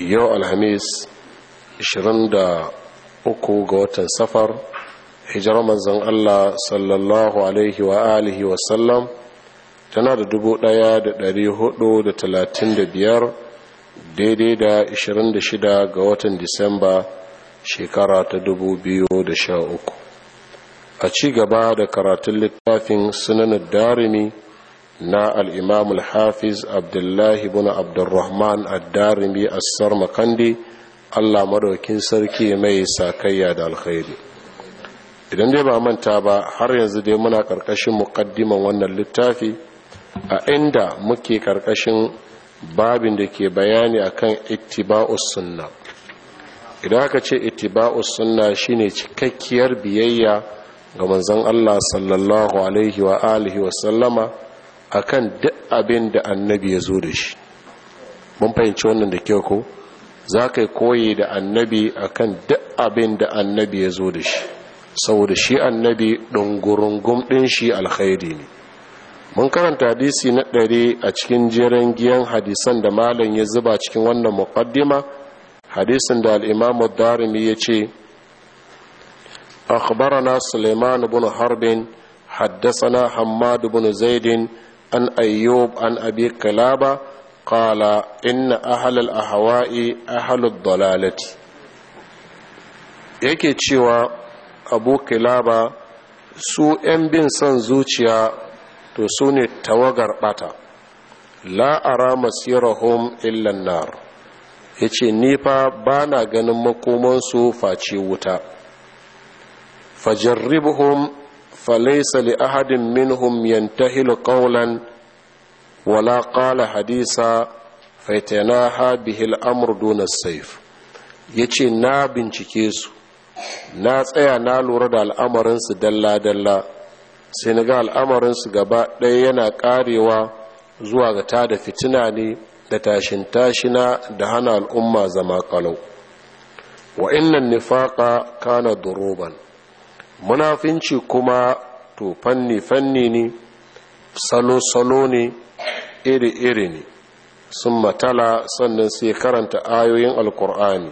yau alhamis 23 ga watan safar hijirar manzan Allah sallallahu alaihi wa alihi wasallam tana da da talatin biyar daidai da 26 ga watan disamba shekara ta dubu biyu da sha uku. a ci gaba da karatun littafin sunanar darimi na al'imam al-hafiz abdullahi bin abdurrahman addarimi assar makandi allah madaukin sarki mai sakayya da alkhairi idan dai ba manta ba har yanzu dai muna ƙarƙashin muƙaddiman wannan littafi a inda muke ƙarƙashin babin da ke bayani akan ittiba'us sunna idan aka ce ittiba'us sunna shine cikakkiyar biyayya ga manzon Allah sallallahu alaihi wa alihi wa sallama akan duk abin da annabi ya zo da shi mun fahimci wannan da kyau ko za ka koyi da annabi akan duk abin da annabi ya zo da shi saboda shi annabi ɗungurungun ɗin shi alkhairi ne mun karanta hadisi na ɗari a cikin jiran giyan hadisan da malam ya zuba cikin wannan muqaddima hadisin da al'imamu darimi ya ce أخبرنا سليمان بن حرب حدثنا حماد بن زيد an ayyub an abi kalaba qala inna ahlal ahwa'i ahlud dalalati yake cewa abu kilaba su 'yan bin son zuciya to su ne tawagar bata la'ara masirahum illan nar ya ce nifa ba na ganin makomansu face wuta fajarribuhum falaisa li ahadin minhum yantahilu qawlan wala ƙala hadisa faitanaha bihil amur duna saif ya ce na bincike su na tsaya na lura da al'amarinsu dalla-dalla sai na ga al'amarinsu gaba ɗaya yana ƙarewa zuwa ga tada fitina ne da tashin tashina da hana al'umma zama kalau wa innan nifaqa kana duroban munafinci kuma to fanni fanni ne salo salo ne iri-iri ne sun matala sannan sai karanta ayoyin alkur'ani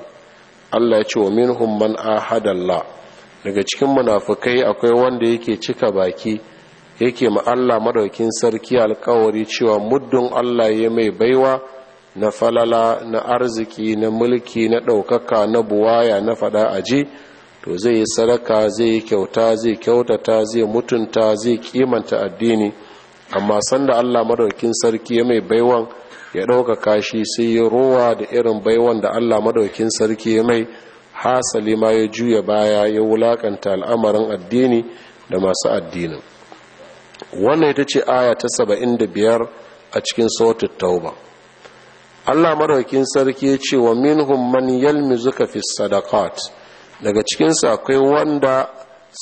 allah ya ce wa min a ahadallah daga cikin munafukai akwai wanda yake cika baki yake ma allah madaukin sarki alkawari cewa muddin allah ya mai baiwa na falala na arziki na mulki na ɗaukaka na buwaya na faɗa ji? to zai yi sadaka zai yi kyauta zai kyautata zai mutunta zai kimanta addini amma sanda Allah madaukin sarki ya mai baiwan ya ɗaukaka kashi sai ya rowa da irin baiwan da Allah madaukin sarki ya mai hasali ma ya juya baya ya wulakanta al'amarin addini da masu addinin wannan ita ce aya ta saba'in da biyar a cikin sautar tauba Allah madaukin sarki ya ce wa minhum man yalmizuka fi sadaqat daga cikinsa akwai wanda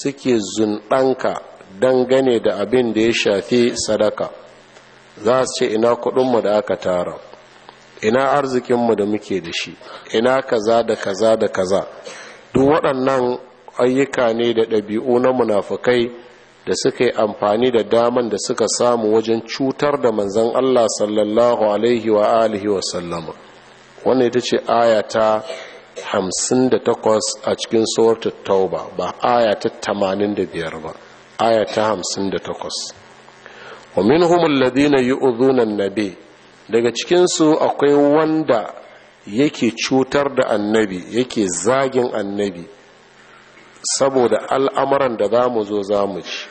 suke zunɗanka dangane da abin da ya shafi sadaka za su ce ina kudinmu da aka tara ina arzikinmu da muke da shi ina kaza da kaza da kaza duk waɗannan ayyuka ne da ɗabi'u na munafukai da suka yi amfani da daman da suka samu wajen cutar da manzan Allah sallallahu alaihi wa alihi wa sallama wannan ita ce aya ta 58 a cikin tsohon tattauba, ba aya ta biyar ba aya ta hamsin da takwas Omin min humulladina yi uzunan nabi daga cikinsu akwai wanda yake cutar da annabi yake zagin annabi saboda al'amuran da za mu zo za mu ci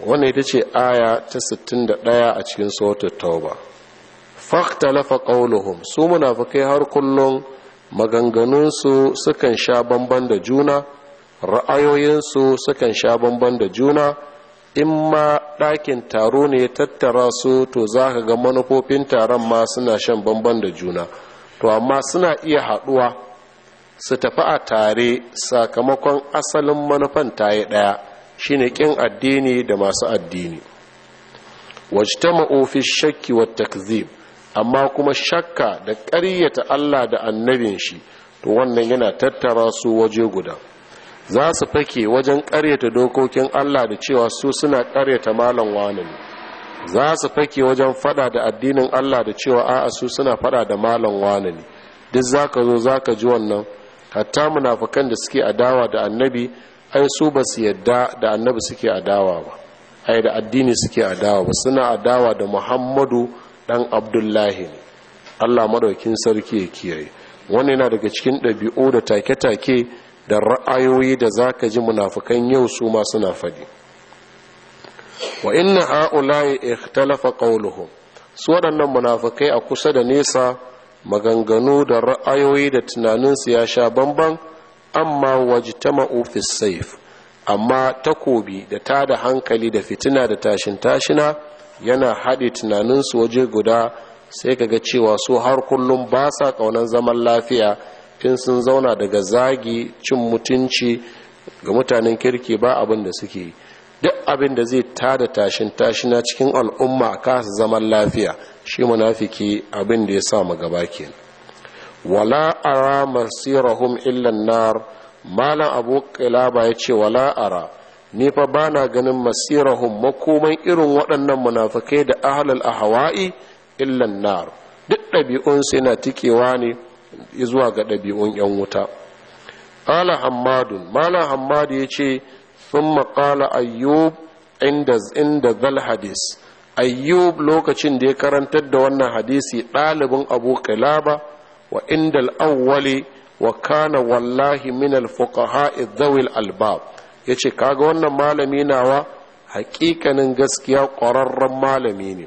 wanda ita ce aya ta da ɗaya a cikin sautar tauba lafa ƙauluhun su munafukai har kullum maganganunsu sukan sha bamban da juna ra'ayoyinsu sukan sha bamban da juna in ma ɗakin taro ne ya tattara su to za ka ga manufofin taron ma suna shan bamban da juna to amma suna iya haɗuwa su tafi a tare sakamakon asalin manufan ta yi ɗaya shi ne ƙin addini da masu addini Wacce ta ma'ofi shakki wa takzib amma kuma shakka da ƙaryata Allah da annabin shi to wannan yana tattara su waje guda za su fake wajen ƙaryata dokokin Allah da cewa su suna ƙaryata malam wani ne za su fake wajen fada da addinin Allah da cewa a'a su suna fada da malam wani ne duk za ka zo za ka ji wannan hatta munafikan da suke adawa da annabi ai su ba su yadda da annabi suke adawa ba ai da addini suke adawa ba suna adawa da Muhammadu dan Abdullahi ne Allah madaukin sarki ya kiyaye wannan yana daga cikin ɗabi'u da take-take da ra'ayoyi da za ka ji munafukan yau su ma suna faɗi wa inna ha'ula'i ikhtalafa qawluhum su waɗannan munafukai a kusa da nesa maganganu da ra'ayoyi da tunaninsu ya sha bamban amma wajtama'u fi saif amma takobi da ta da hankali da fitina da tashin tashina yana haɗe tunaninsu waje guda sai kaga cewa su har kullum ba sa ƙaunar zaman lafiya in sun zauna daga zagi cin mutunci ga mutanen kirki ba abin da suke yi duk abin da zai tada tashin tashina cikin al'umma a kasa zaman lafiya shi munafiki abin da ya sa mu gaba wala ara masirahum illa nar malam abu kilaba ya ce wala ara ni fa bana ganin masirahum makoman irin waɗannan munafikai da a ahwa'i Illan nar duk ɗabi'un sai na tikewa ne zuwa ga ɗabi'un 'yan wuta ƙala hammadun mala hammadu ya ce sun maƙala ayyub inda zal hadis ayyub lokacin da ya karantar da wannan hadisi ɗalibin abu kilaba wa inda al'awwali wa kana wallahi min alfuqaha idawil albab ya ce kaga wannan malami nawa hakikanin gaskiya ƙwararren malami ne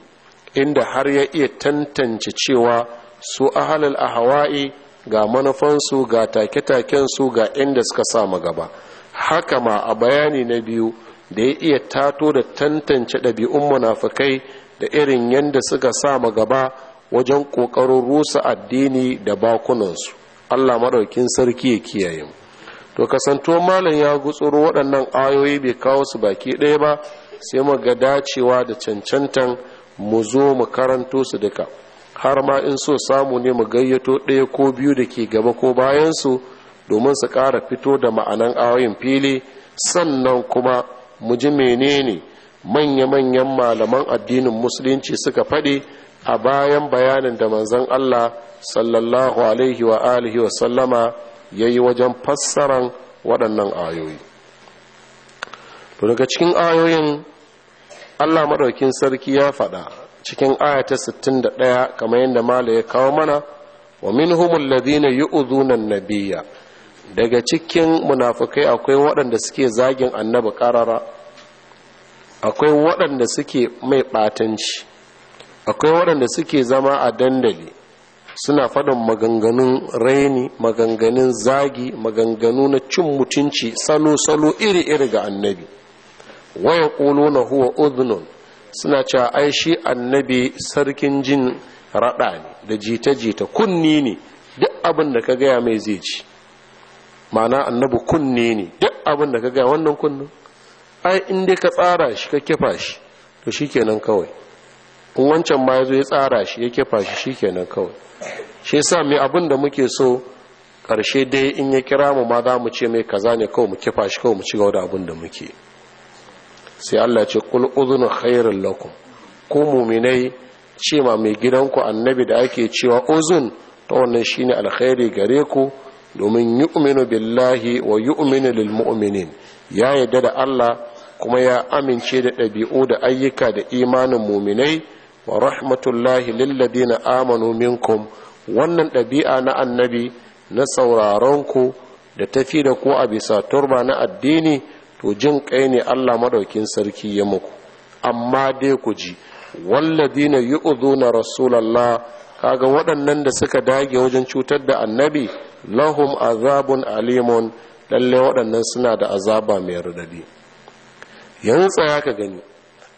inda har ya iya tantance cewa su ahalal ahawa'i ga manufansu ga take-takensu ga inda suka sama gaba haka ma a bayani na biyu da ya iya tato da tantance ɗabi'un munafukai da irin yadda suka sama gaba wajen ƙoƙarin rusa addini da bakunansu allah maɗaukin sarki ya kiyaye to kasanto malam ya gutsuro waɗannan ayoyi bai kawo su baki ɗaya ba sai mu ga dacewa da cancantan mu zo mu karanto su duka har ma in so samu ne mu gayyato ɗaya ko biyu da ke gaba ko bayansu domin su ƙara fito da ma'anan ayoyin fili sannan kuma mu ji menene manya-manyan malaman addinin musulunci suka faɗi a bayan bayanin da manzon Allah sallallahu alaihi wa alihi wa sallama ya yi wajen fassaran waɗannan ayoyi to daga cikin ayoyin Allah maɗaukin sarki ya faɗa cikin ayata 61 kamar yadda mala ya kawo mana wa minhumul ladina yu'dhuna an-nabiyya daga cikin munafukai akwai waɗanda suke zagin annabi karara akwai waɗanda suke mai ɓatanci akwai waɗanda suke zama a dandali suna faɗin maganganun raini maganganun zagi maganganu na cin mutunci salo-salo iri-iri ga annabi waya ƙolo na huwa udhunun suna cewa ai shi annabi sarkin jin rada ne da jita-jita kunni ne duk abin da ka gaya mai zai ci ma'ana annabi kunni ne duk abin da ka gaya wannan kunnin ai in dai ka tsara shi ka kifa shi to shikenan kawai in wancan ma yazo ya tsara shi ya kifa shi shikenan kawai shi yasa mai abin da muke so karshe dai in ya kira mu ma za mu ce mai kaza ne kawai mu kifa shi kawai mu ci gaba da abin da muke sai Allah ce kul udhunu khairul lakum ku mu'minai ce ma mai gidanku annabi da ake cewa uzun ta wannan shine alkhairi gare ku domin yu'minu billahi wa yu'minu lil mu'minin ya yarda da Allah kuma ya amince da ɗabi'u da ayyuka da imanin muminai wa rahmatullahi lilladina amanu minkum wannan ɗabi'a na annabi na sauraronku da tafi da ku a bisa turba na addini to jin kai ne Allah madaukin sarki ya muku amma dai ku ji walladina yu'dhuna rasulallah kaga waɗannan da suka dage wajen cutar da annabi lahum azabun alimun lalle waɗannan suna da azaba mai radadi Yanzu tsaya ka gani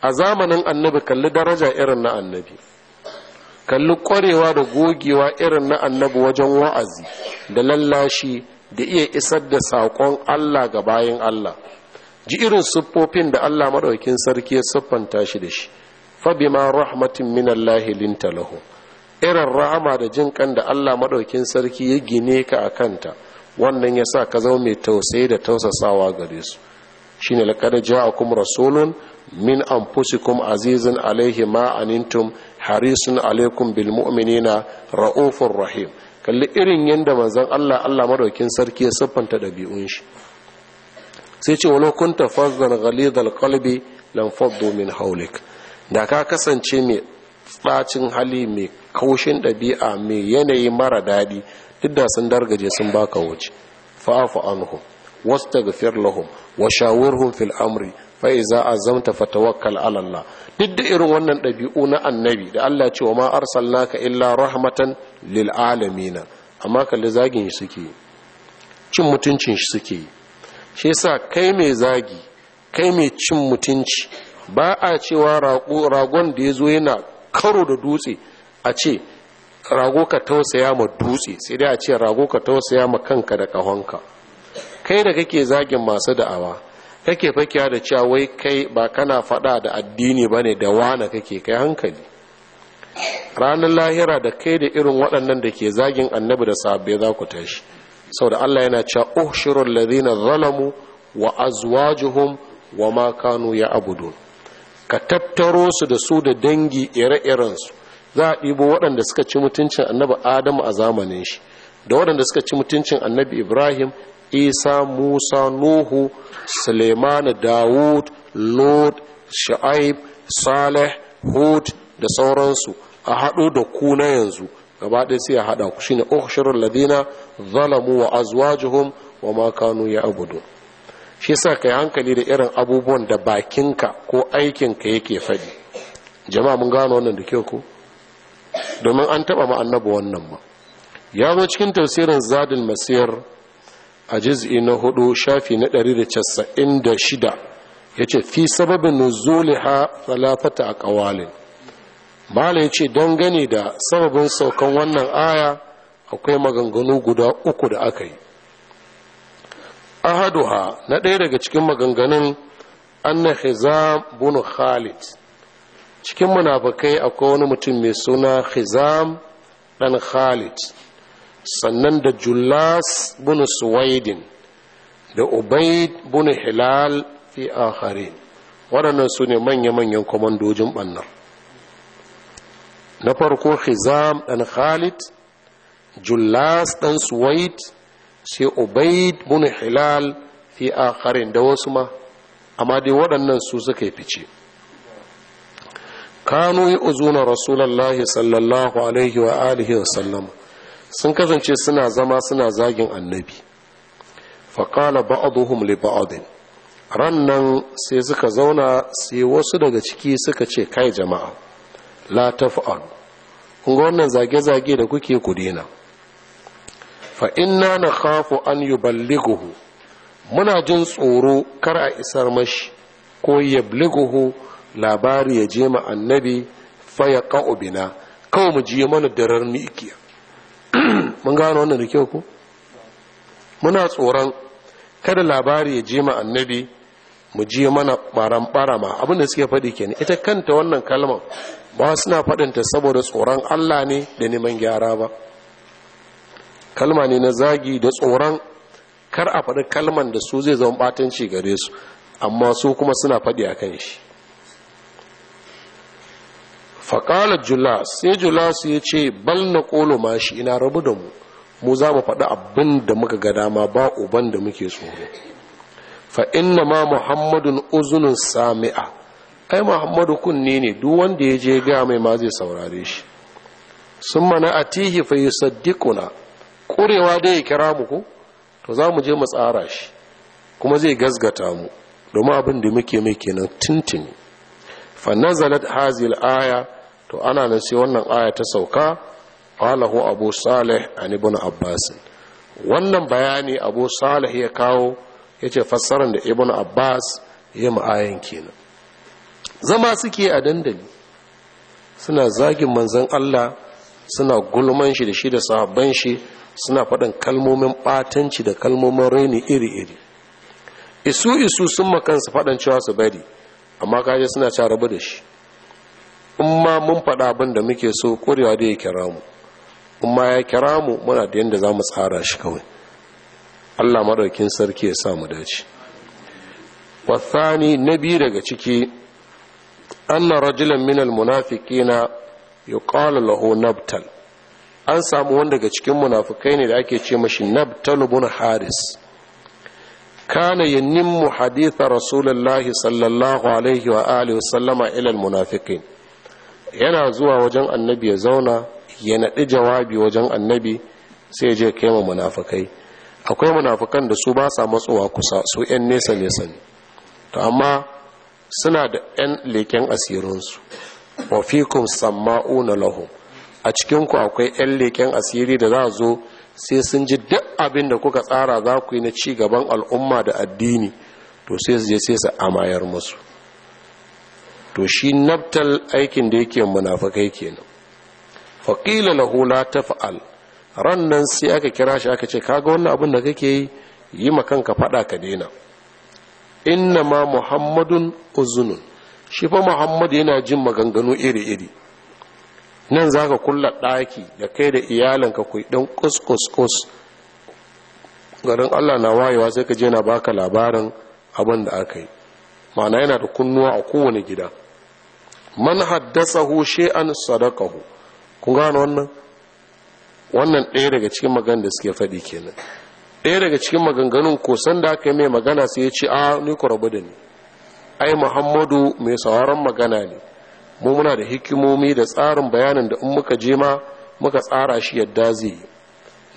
a zamanin annabi kalli daraja irin na annabi kalli ƙwarewa da gogewa irin na annabi wajen wa'azi da lallashi da iya isar da saƙon Allah ga bayan Allah ji irin siffofin da Allah maɗaukin sarki ya siffanta shi da shi fabima rahmatin minallahi linta lahu irin rahama da jin kan da Allah maɗaukin sarki ya gine ka a kanta wannan ya sa ka zama mai tausayi da tausasawa gare su Shi shine a ja'akum rasulun min anfusikum azizin alaihi ma harisun alaikum bil mu'minina raufur rahim kalli irin yanda manzon Allah Allah Maɗaukin sarki ya siffanta ɗabi'un shi sai ce walau kunta fazzan ghalidhal qalbi lam faddu min haulik da ka kasance mai tsacin hali mai kaushin ɗabi'a mai yanayi mara daɗi duk da sun dargaje sun baka wuce fa'afu wasu wastaghfir lahum wa shawirhum fil amri fa iza azamta fatawakkal ala Allah duk da irin wannan ɗabi'u na annabi da Allah ce wa ma arsalnaka illa rahmatan lil alamin amma kalli zagin shi suke cin mutuncin shi suke shi sa kai mai zagi kai mai cin mutunci ba a cewa ragon da ya zo yana karo da dutse a ce rago ka tausaya ma dutse sai dai a ce rago ka tausaya ma kanka da ƙahonka kai da kake zagin masu da'awa kake fakiya da cewa wai kai ba kana faɗa da addini ba ne da wana kake kai hankali ranar lahira da kai da irin waɗannan da ke zagin annabi da sabbe za ku tashi Sau da Allah yana cewa shirin ladina zalamu wa azwajuhum wa ma ya ya'budun ka tattaro su da su da dangi ire irensu za a ɗibo waɗanda suka ci mutuncin annabi Adamu a zamanin shi da waɗanda suka ci mutuncin annabi Ibrahim Isa Musa Nuhu Suleiman Dawud lord sha'ib Saleh Hud da sauransu a haɗo da ku na yanzu gaba ɗaya sai ya haɗa ku shine ukhshirul ladina zalamu wa azwajuhum wa ma kanu ya'budu shi yasa kai hankali da irin abubuwan da bakinka ko aikinka yake faɗi jama'a mun gano wannan da kyau ko domin an taɓa ma annabi wannan ma ya zo cikin tafsirin zadin masir a juz'i na hudu shafi na 196 yace fi sababin nuzuliha a aqwalin malam ce don gani da sababin saukan wannan aya akwai maganganu guda uku da aka yi ahaduha na ɗaya daga cikin maganganun anna hizam bunu khalid cikin munafakai akwai wani mutum mai suna hizam ɗan khalid sannan da julas bunu suwaidin da ubaid bunu hilal fi akharin waɗannan su ne manya-manyan kwamandojin ɓannan na farko hizam ɗan khalid jullas ɗan suwaid sai ubaid bin hilal fi akharin da wasu ma amma dai waɗannan su suka yi fice kanu yi uzuna rasulallahi sallallahu alaihi wa alihi wa sallam sun kasance suna zama suna zagin annabi faƙala ba'aduhum li ba'adin ran nan sai suka zauna sai wasu daga ciki suka ce kai jama'a la taf'alu ga wannan zage-zage da kuke ku daina fa inna khafu an yuballighuhu muna jin tsoro kar a isar mashi ko yabliguhu labari ya je annabi fa ya bina kawai mu ji mana darar mikiya mun gano wannan da kyau ko muna tsoron kada labari ya je annabi mu je mana baran barama abinda suke faɗi kenan ita kanta wannan kalmar ba suna faɗinta saboda tsoron Allah ne da neman gyara ba kalma ne na zagi da tsoron kar a faɗi kalman da su zai zama ɓatanci gare su amma su kuma suna faɗi a kan shi faƙala jula sai jula su ya ce bal na ƙolo ma shi ina rabu da mu mu za mu faɗi abin da muka ga dama ba uban da muke tsoro fa inna ma muhammadun uzunin sami'a ai muhammadu kunne ne duk wanda ya je gaya mai ma zai saurare shi sun mana a tihi fa saddikuna kurewa dai ya kira muku? to za mu je mu tsara shi kuma zai gazgata mu domin abin da muke mai kenan tintin fa nazalat hazil aya to ana nan sai wannan aya ta sauka qalahu abu salih an ibn abbas wannan bayani abu salih ya kawo yace fassarar da ibn abbas ya ayan kenan zama suke a dandali suna zagin manzan Allah suna gulman shi da shi da sahabban shi suna faɗin kalmomin ɓatanci da kalmomin raini iri-iri isu isu sun makansu faɗin cewa su bari amma kaji suna ca rabu da shi in ma mun faɗa abin da muke so ƙurewa da ya kira mu in ma ya kira mu muna da yadda za mu tsara shi kawai allah maɗaukin sarki ya sa mu dace wasani na biyu daga ciki anna rajulan minal munafiqina yuqalu lahu nabtal an samu wanda daga cikin munafikai ne da ake ce mashi nabtal ibn haris kana yanimmu haditha rasulullahi sallallahu alaihi wa alihi wa sallama ila almunafiqin yana zuwa wajen annabi ya zauna ya naɗi jawabi wajen annabi sai ya je kai ma munafikai akwai munafukan da su basa matsowa kusa su 'yan nesa nesa ne to amma suna da 'yan leken asirinsu wafikun samma'u na a cikinku akwai 'yan leken asiri da za zo sai sun ji duk abin da kuka tsara za ku yi na ci gaban al'umma da addini to sai su je sai su amayar musu to shi naftal aikin da yake munafakai kenan faƙila lahu la fa'al ran nan sai aka kira shi aka ce kaga wannan abin da kake yi yi ma kanka faɗa ka daina inna ma muhammadun uzunun shi fa muhammadu yana jin maganganu iri-iri nan za ka kulla ɗaki da kai da iyalanka ku ɗan kus-kus-kus garin allah na wayewa sai ka je na baka labarin abin da aka yi ma'ana yana da kunnuwa a kowane gida man haddasahu shay'an sadaqahu kun gano wannan wannan ɗaya daga cikin magan da suke faɗi kenan ɗaya daga cikin maganganun ko sanda aka yi mai magana sai ya ce a ni ku rabu da ni ai muhammadu mai sauraron magana ne mu muna da hikimomi da tsarin bayanin da in muka je ma muka tsara shi yadda zai yi.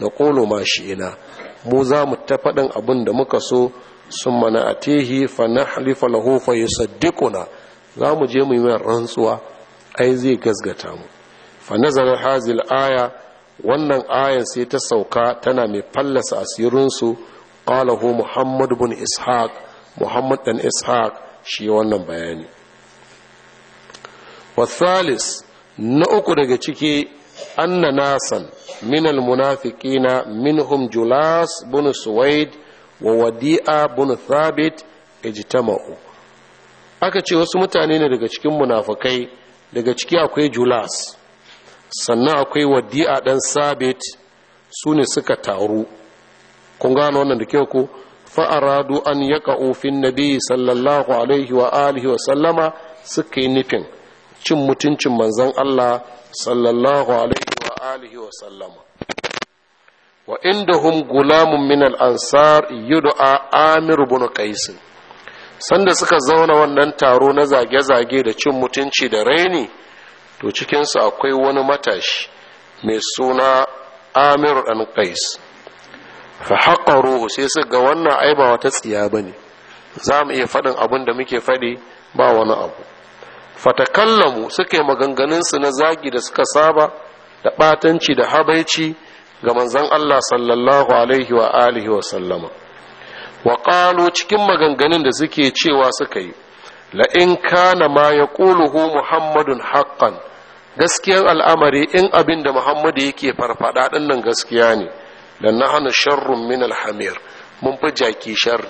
na ƙolo ma shi ina mu za mu ta faɗin abin da muka so sun mana a tehi fa na halifa lahu fa ya saddiƙuna za mu je mu yi mai rantsuwa ai zai gazgata mu fa nazarar hazil aya wannan ayan sai ta sauka tana mai fallasa asirinsu ƙalahu muhammad bin ishaq muhammad dan ishaq shi wannan bayani wasalis na uku daga ciki anna nasan min almunafiqina minhum julas bin suwaid wa wadi'a bin thabit ijtama'u aka ce wasu mutane ne daga cikin munafikai daga ciki akwai julas sannan akwai wadi'a ɗan sabit su ne suka taru kun gano wannan da kyau ko fa'aradu an ya ƙa'ofin nabi sallallahu alaihi wa alihi wa sallama suka yi nufin cin mutuncin manzan Allah sallallahu alaihi wa alihi wa sallama wa inda hum gulamun min al'ansar yudu'a amir bin kaisu sanda suka zauna wannan taro na zage-zage da cin mutunci da raini to cikinsu akwai wani matashi mai suna amir ɗan qais fa haƙa sai su ga wannan ai ba wata tsiya bane za mu iya faɗin abin da muke faɗi ba wani abu fatakallamu suke yi maganganunsu na zagi da suka saba da ɓatanci da habaici ga manzan Allah sallallahu alaihi wa alihi wa sallama wa ƙalo cikin maganganun da suke cewa suka yi in kana ma ya ƙuluhu muhammadun haƙƙan gaskiyar al'amari in abin da muhammadu yake farfada ɗannan gaskiya ne da na hana sharrun min alhamir mun fi jaki sharri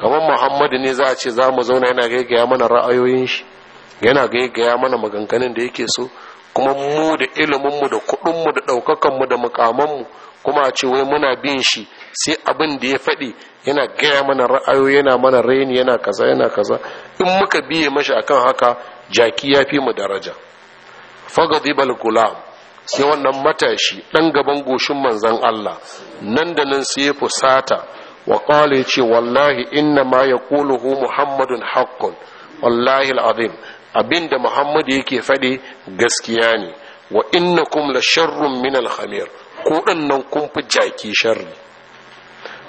kamar muhammadu ne za a ce za mu zauna yana gaigaya mana ra'ayoyin shi yana gaigaya mana maganganun da yake so kuma mu da iliminmu da kuɗinmu da ɗaukakanmu da mukamanmu kuma a ce wai muna bin shi sai abin da ya faɗi yana gaya mana ra'ayo yana mana raini yana kaza yana kaza in muka biye mashi akan haka jaki ya fi mu daraja fagadibal gulam sai wannan matashi ɗan gaban goshin manzon Allah nan da nan sai ya fusata wa ƙwale ya ce wallahi inna ma ya ƙuluhu muhammadun haƙƙun wallahi al'adim abinda muhammadu yake faɗi gaskiya ne wa inna kum la sharrun min alhamir ko nan kun fi jaki sharri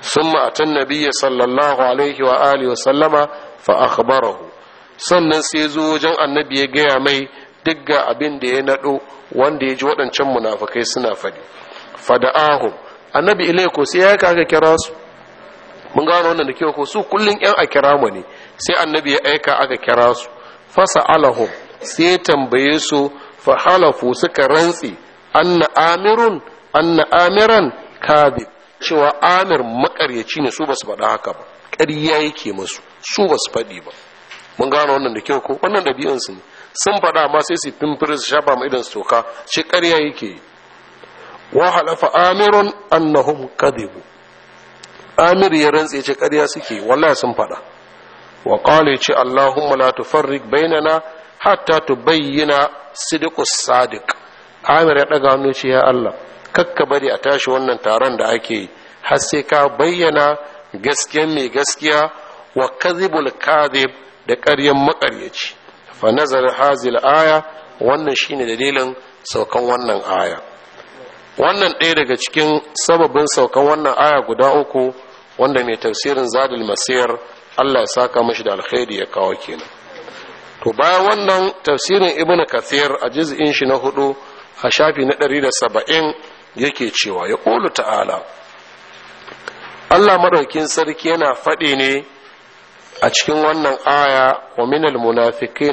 ثم أتى النبي صلى الله عليه وآله وسلم فأخبره sannan sai zo wajen annabi ya gaya mai duk ga abin da ya naɗo wanda ya ji waɗancan munafakai suna faɗi Fada'ahu, annabi ilaiko sai ya kaga kira su mun gano wannan da kyau ko su kullun yan a kira mu ne sai annabi ya aika aka kira su fasa alahu sai ya tambaye su fa halafu suka rantsi anna amirun anna amiran kadhib cewa amir makaryaci ne su basu faɗa haka ba ƙarya yake musu su basu faɗi ba mun gano wannan da kyau ko wannan ɗabi'ansu ne sun faɗa ma sai su fimfiri su shafa ma idan su toka shi ƙarya yake wa halafa amirun annahum kadibu amir ya rantse ce ƙarya suke wallahi sun faɗa wa qala yace allahumma la tufarriq bainana hatta tubayyana sidiqus sadiq amir ya daga hannu ce ya allah kakka bari a tashi wannan taron da ake yi har sai ka bayyana gaskiyan mai gaskiya wa kadhibul kadhib da ƙaryan maƙaryaci fa nazar hazil aya wannan shine dalilin saukan wannan aya wannan ɗaya daga cikin sababin saukan wannan aya guda uku wanda mai tafsirin zadul masir Allah ya saka mashi da alkhairi ya kawo kenan to bayan wannan tafsirin ibn kathir a juz'in shi na hudu a shafi na 170 yake cewa ya qulu ta'ala Allah madaukin sarki yana faɗi ne a cikin wannan aya wa minal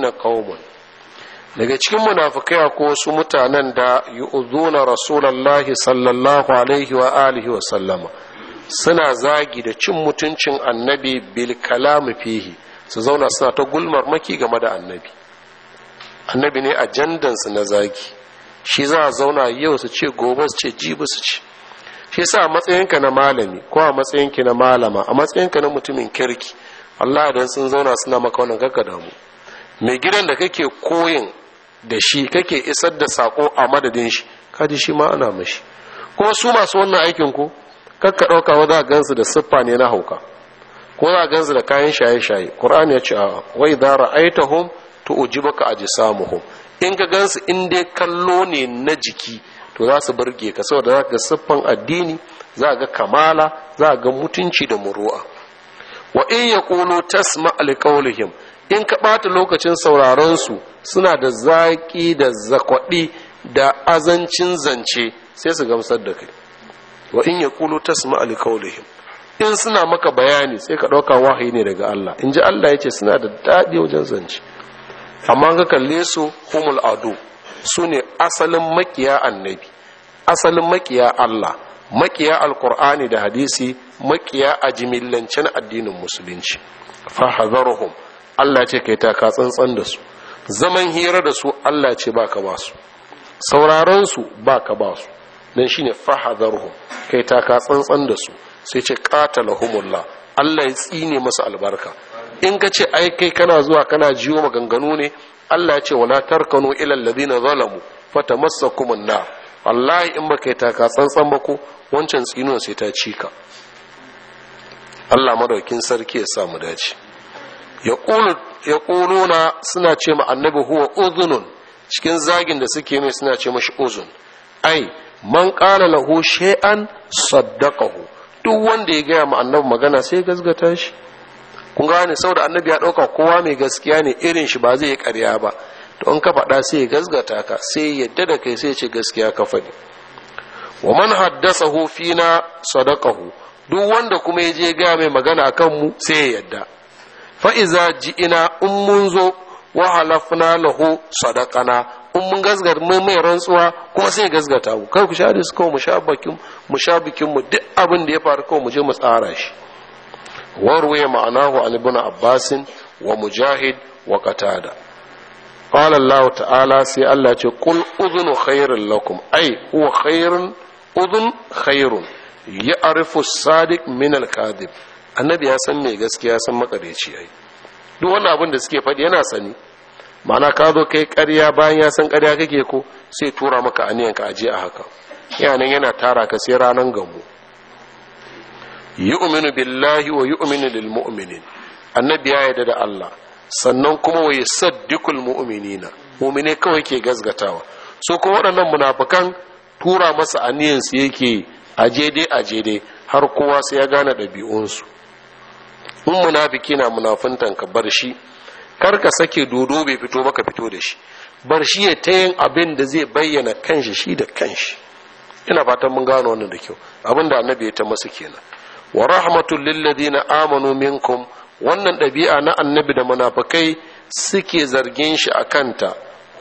na qaumun daga cikin munafikai ko wasu mutanen da uzuna rasulallahi sallallahu alaihi wa alihi wa sallama suna zagi da cin mutuncin annabi bil kalam fihi su zauna suna ta gulmar maki game da annabi annabi ne ajandansu na zagi shi za a zauna yau su ce gobe su ce jibi su ce shi sa a matsayinka na malami ko a matsayinki na malama a matsayinka na mutumin kirki Allah don sun zauna suna maka wannan kakka damu mai gidan da kake koyin da shi kake isar da sako a madadin shi kaji shi ma ana mashi kuma su masu wannan aikin ko kakka ɗauka wa za a gansu da siffa ne na hauka ko za a gansu da kayan shaye-shaye ƙur'an ya ce a wai zara za ra'aitahum to samu hum, in ka gansu in dai kallo ne na jiki to za su burge ka saboda za ka ga siffan addini za ga kamala za ga mutunci da muru'a wa in ya kuno tasma alqawlihim in ka ɓata lokacin sauraron su suna da zaƙi da zakwaɗi da azancin zance sai su gamsar da kai wa in ya kuno tasma alqawlihim in suna maka bayani sai ka ɗauka wahayi ne daga Allah in ji Allah ya ce suna da daɗi wajen zance amma ka kalle su humul Ado su ne asalin makiya annabi asalin makiya Allah makiya alkur'ani da hadisi makiya a jimillancin addinin musulunci fahazaruhum Allah ce kai taka tsantsan da su zaman hira da su Allah ce baka ba su sauraron su baka ba su dan shine fahazaruhum kai taka tsantsan da su sai ce qatalahumullah Allah ya tsine masa albarka in ka ce ai kai kana zuwa kana jiwo maganganu ne Allah ya ce wala tarkanu ila alladhina zalamu fatamassakumun nar wallahi in baka yi taka tsantsan ba ko wancan tsinuwa sai ta cika Allah madaukin sarki ya samu dace ya ƙuluna suna ce ma annabi huwa uzunun cikin zagin da suke mai suna ce mashi uzun ai man ƙala lahu shay'an saddaqahu duk wanda ya gaya ma annabi magana sai ya gasgata shi kun gane saboda annabi ya ɗauka kowa mai gaskiya ne irin shi ba zai yi ƙarya ba to an ka faɗa sai ya gasgata ka sai ya yadda da kai sai ya ce gaskiya ka faɗi wa man haddasahu fina sadaqahu duk wanda kuma ya je gaya mai magana a kanmu sai ya yadda fa'iza ji ina in mun zo wa halafna laho sadakana in mun gasgar mai rantsuwa kuma sai gasgata mu kar ku sha da kawai mu sha bakin mu sha bikin duk abin da ya faru kawai mu je mu tsara shi warwaye ma'anahu hu ibn abbasin wa mujahid wa katada. qala allah ta'ala sai allah ce qul udhunu khairul lakum ai huwa khairun udhun khairun ya arifu sadiq min al-kadhib annabi ya san mai gaskiya san makareci ai duk wannan abin da suke faɗi yana sani ma'ana ka zo kai ƙarya bayan ya san ƙarya kake ko sai tura maka aniyan ka aje a haka yanan yana tara ka sai ranan gambo yu'minu billahi wa yu'minu lil mu'minin annabi ya yarda da Allah sannan kuma wa yusaddiqul mu'minina mu'mine kawai ke gazgatawa so ko waɗannan munafikan tura masa aniyan su yake aje dai aje dai har kowa sai ya gane ɗabi'unsu in munafiki na munafuntan ka bar shi kar ka sake dodo bai fito ba ka fito da shi bar shi ya ta yin abin da zai bayyana kanshi shi da kanshi ina fatan mun gano wannan da kyau abin da annabi ya ta masu kenan wa rahmatul lil ladina amanu minkum wannan ɗabi'a na annabi da munafikai suke zargin shi akanta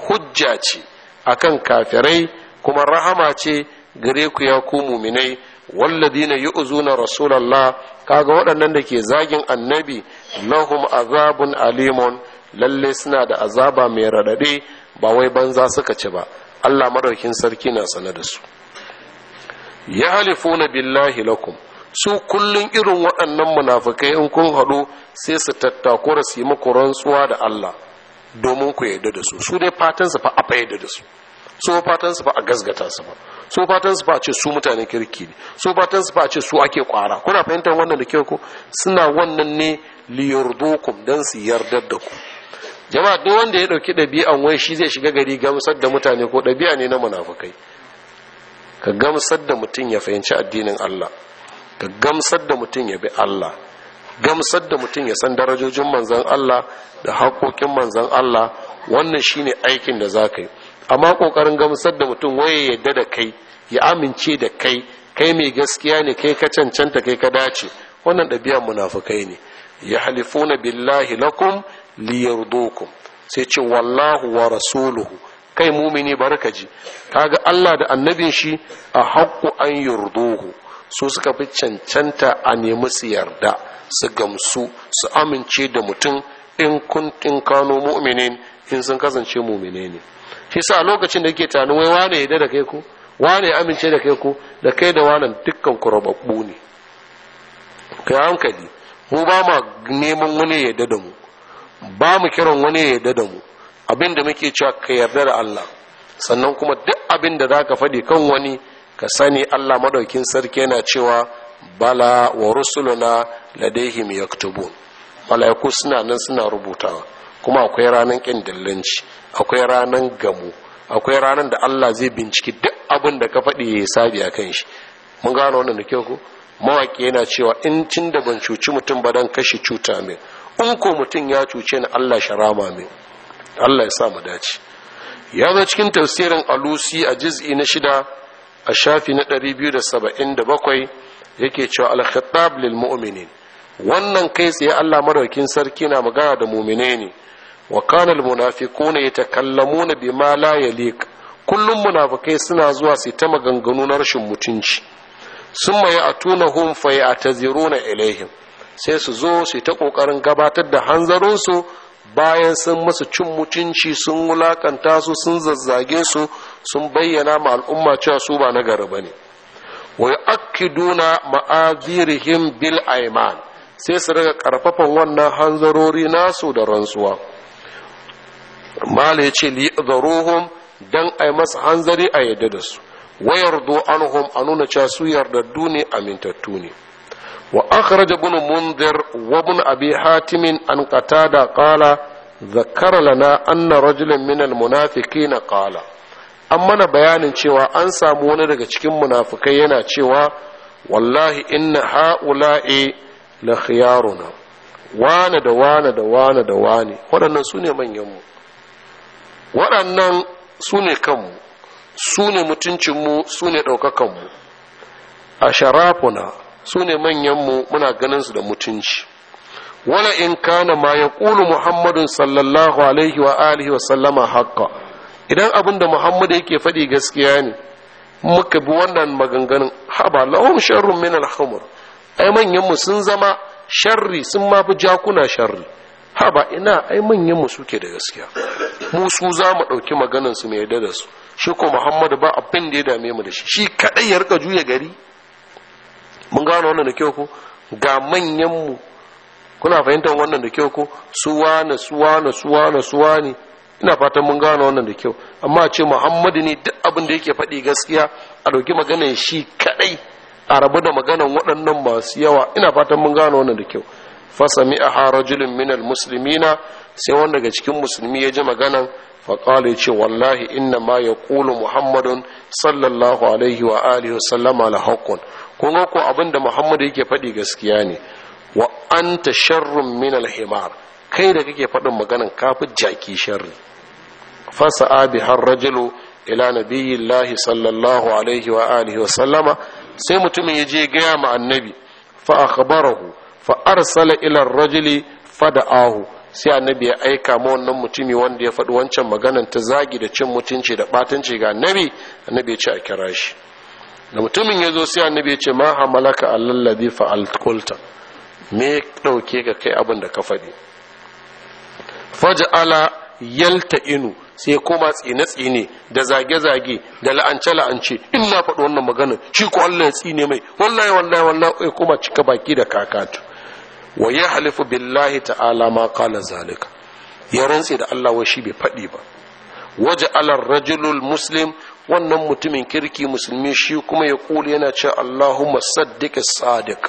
hujja ce akan kafirai kuma rahama ce gare ku ya ku muminai walladina yu'zuna rasulullah kaga waɗannan da ke zagin annabi lahum azabun alimun lalle suna da azaba mai radade ba wai banza suka ci ba Allah madaukin sarki na sanar da su ya halifuna billahi lakum su kullun irin waɗannan munafikai in kun haɗu sai su tattakura su yi muku rantsuwa da Allah domin ku yarda da su su dai fatan fa a yarda da su so fatan ba a gasgata su ba so fatan su ba ce su mutane kirki ne so fatan su ba ce su ake kwara kuna fahimtar wannan da kyau ko suna wannan ne liyardukum dan su yardar da ku jama'a duk wanda ya dauki ɗabi'an wai shi zai shiga gari gamsar da mutane ko ɗabi'a ne na munafukai ka gamsar da mutum ya fahimci addinin Allah ka gamsar da mutum ya bi Allah gamsar da mutum ya san darajojin manzon Allah da hakokin manzon Allah wannan shine aikin da za yi amma kokarin gamsar da mutum waye yadda da kai ya amince da kai kai mai gaskiya ne kai ka cancanta kai ka dace wannan ɗabi'a munafukai ne ya halifuna billahi lakum yardukum sai ce wallahu wa rasuluhu kai mumini barka ji kaga Allah da annabin shi a haqqu an yurduhu su suka fi cancanta a nemi su yarda su gamsu su amince da mutum in kun kano mu'minin in sun kasance mumine ne shi sa lokacin da yake tani wai wane ya da kai ko wane ya amince da kai ko da kai da wanan dukkan ku ne kai hankali mu ba ma neman wani ya da mu ba mu kiran wani ya da mu abin da muke cewa ka yarda da Allah sannan kuma duk abin da ka faɗi kan wani ka sani Allah madaukin sarki yana cewa bala wa rusuluna ladaihim yaktubun malaiku suna nan suna rubutawa kuma akwai ranar ƙin dillanci akwai ranar gamu akwai ranar da Allah zai binciki duk abin da ka faɗi ya sabi a kan shi mun gano wannan da kyau ku? mawaƙi yana cewa in cin da ban cuci mutum ba dan kashe cuta min in ko mutum ya cuce ni Allah shi rama min Allah ya sa mu dace ya zo cikin tafsirin alusi a juz'i na shida a shafi na ɗari biyu da da 277 yake cewa al-khattab lil mu'minin wannan kai tsaye Allah madaukin sarki na magana da mu'mine ne wa kana almunafiquna yatakallamuna bima la yaliq kullum munafukai suna zuwa su ta maganganu na rashin mutunci summa ya'tunahum fa taziruna ilaihim sai su zo su ta kokarin gabatar da hanzarinsu bayan sun masu cin mutunci sun wulakanta su sun zazzage su sun bayyana ma al'umma cewa su ba na gari bane Wai akiduna ma'azirihim bil aiman sai su riga ƙarfafan wannan hanzarori nasu da rantsuwa mala ya ce li zaruhum dan a yi masa hanzari a yadda da su wayar do hum a nuna cewa su yardaddu ne amintattu ne wa akhraja ibn munzir wa abi hatimin an qatada qala zakkara lana anna rajulan min al munafiqina qala an mana bayanin cewa an samu wani daga cikin munafikai yana cewa wallahi inna ha'ula'i la khiyaruna wane da wane da wane da wane waɗannan su ne manyanmu waɗannan su ne kanmu su ne mutuncinmu su ne ɗaukakanmu a sharafuna su ne manyanmu muna ganin su da mutunci Wani in kana ma ya ƙulu muhammadun sallallahu alaihi wa alihi wa sallama haka idan abin da muhammadu yake faɗi gaskiya ne muka bi wannan maganganun haba lahum sharrun min al ai manyanmu sun zama sharri sun ma fi jakuna sharri ha ba ina ai manyanmu mu suke da gaskiya mu su za mu ɗauki maganan su mai yarda da su shi ko muhammadu ba abin da ya dame mu da shi shi kaɗai ya rika juya gari mun gano wannan da kyau ko ga manyan mu kuna fahimtar wannan da kyau ko su wane su wane su wane su wane ina fatan mun gano wannan da kyau amma ce muhammadu ne duk abin da yake faɗi gaskiya a ɗauki maganan shi kaɗai a rabu da maganan waɗannan masu yawa ina fatan mun gano wannan da kyau fasami a harajulun minal musulmina sai wanda daga cikin musulmi ya ji maganan faƙali ce wallahi inna ma ya ƙulu muhammadun sallallahu alaihi wa alihi sallama la haƙƙun kun ga ko abin da muhammadu yake faɗi gaskiya ne wa anta sharrun minal himar kai da kake faɗin maganan kafi jaki sharri Fasa bi har ila nabiyillahi sallallahu alaihi wa alihi sallama sai mutumin ya je gaya ma annabi fa akhbarahu fa arsala ila rajuli fada'ahu sai annabi ya aika ma wannan mutumi wanda ya faɗi wancan maganan ta zagi da cin mutunci da ɓatanci ga annabi annabi ya ce a kira shi da mutumin ya zo sai annabi ya ce ma hamalaka allallazi fa'alt qulta me dauke ga kai abin da ka faɗi faj'ala yalta inu sai koma tsine-tsine da zage-zage da la'ance-la'ance in na faɗi wannan maganar, shi ko Allah ya tsine mai wallahi wallahi wallahi kuma cika baki da kakatu wa ya halifu billahi ta'ala ma kala zalika ya rantse da Allah wa shi bai faɗi ba waje alar rajulul muslim wannan mutumin kirki musulmi shi kuma ya kula yana cewa Allahumma saddiq sadiq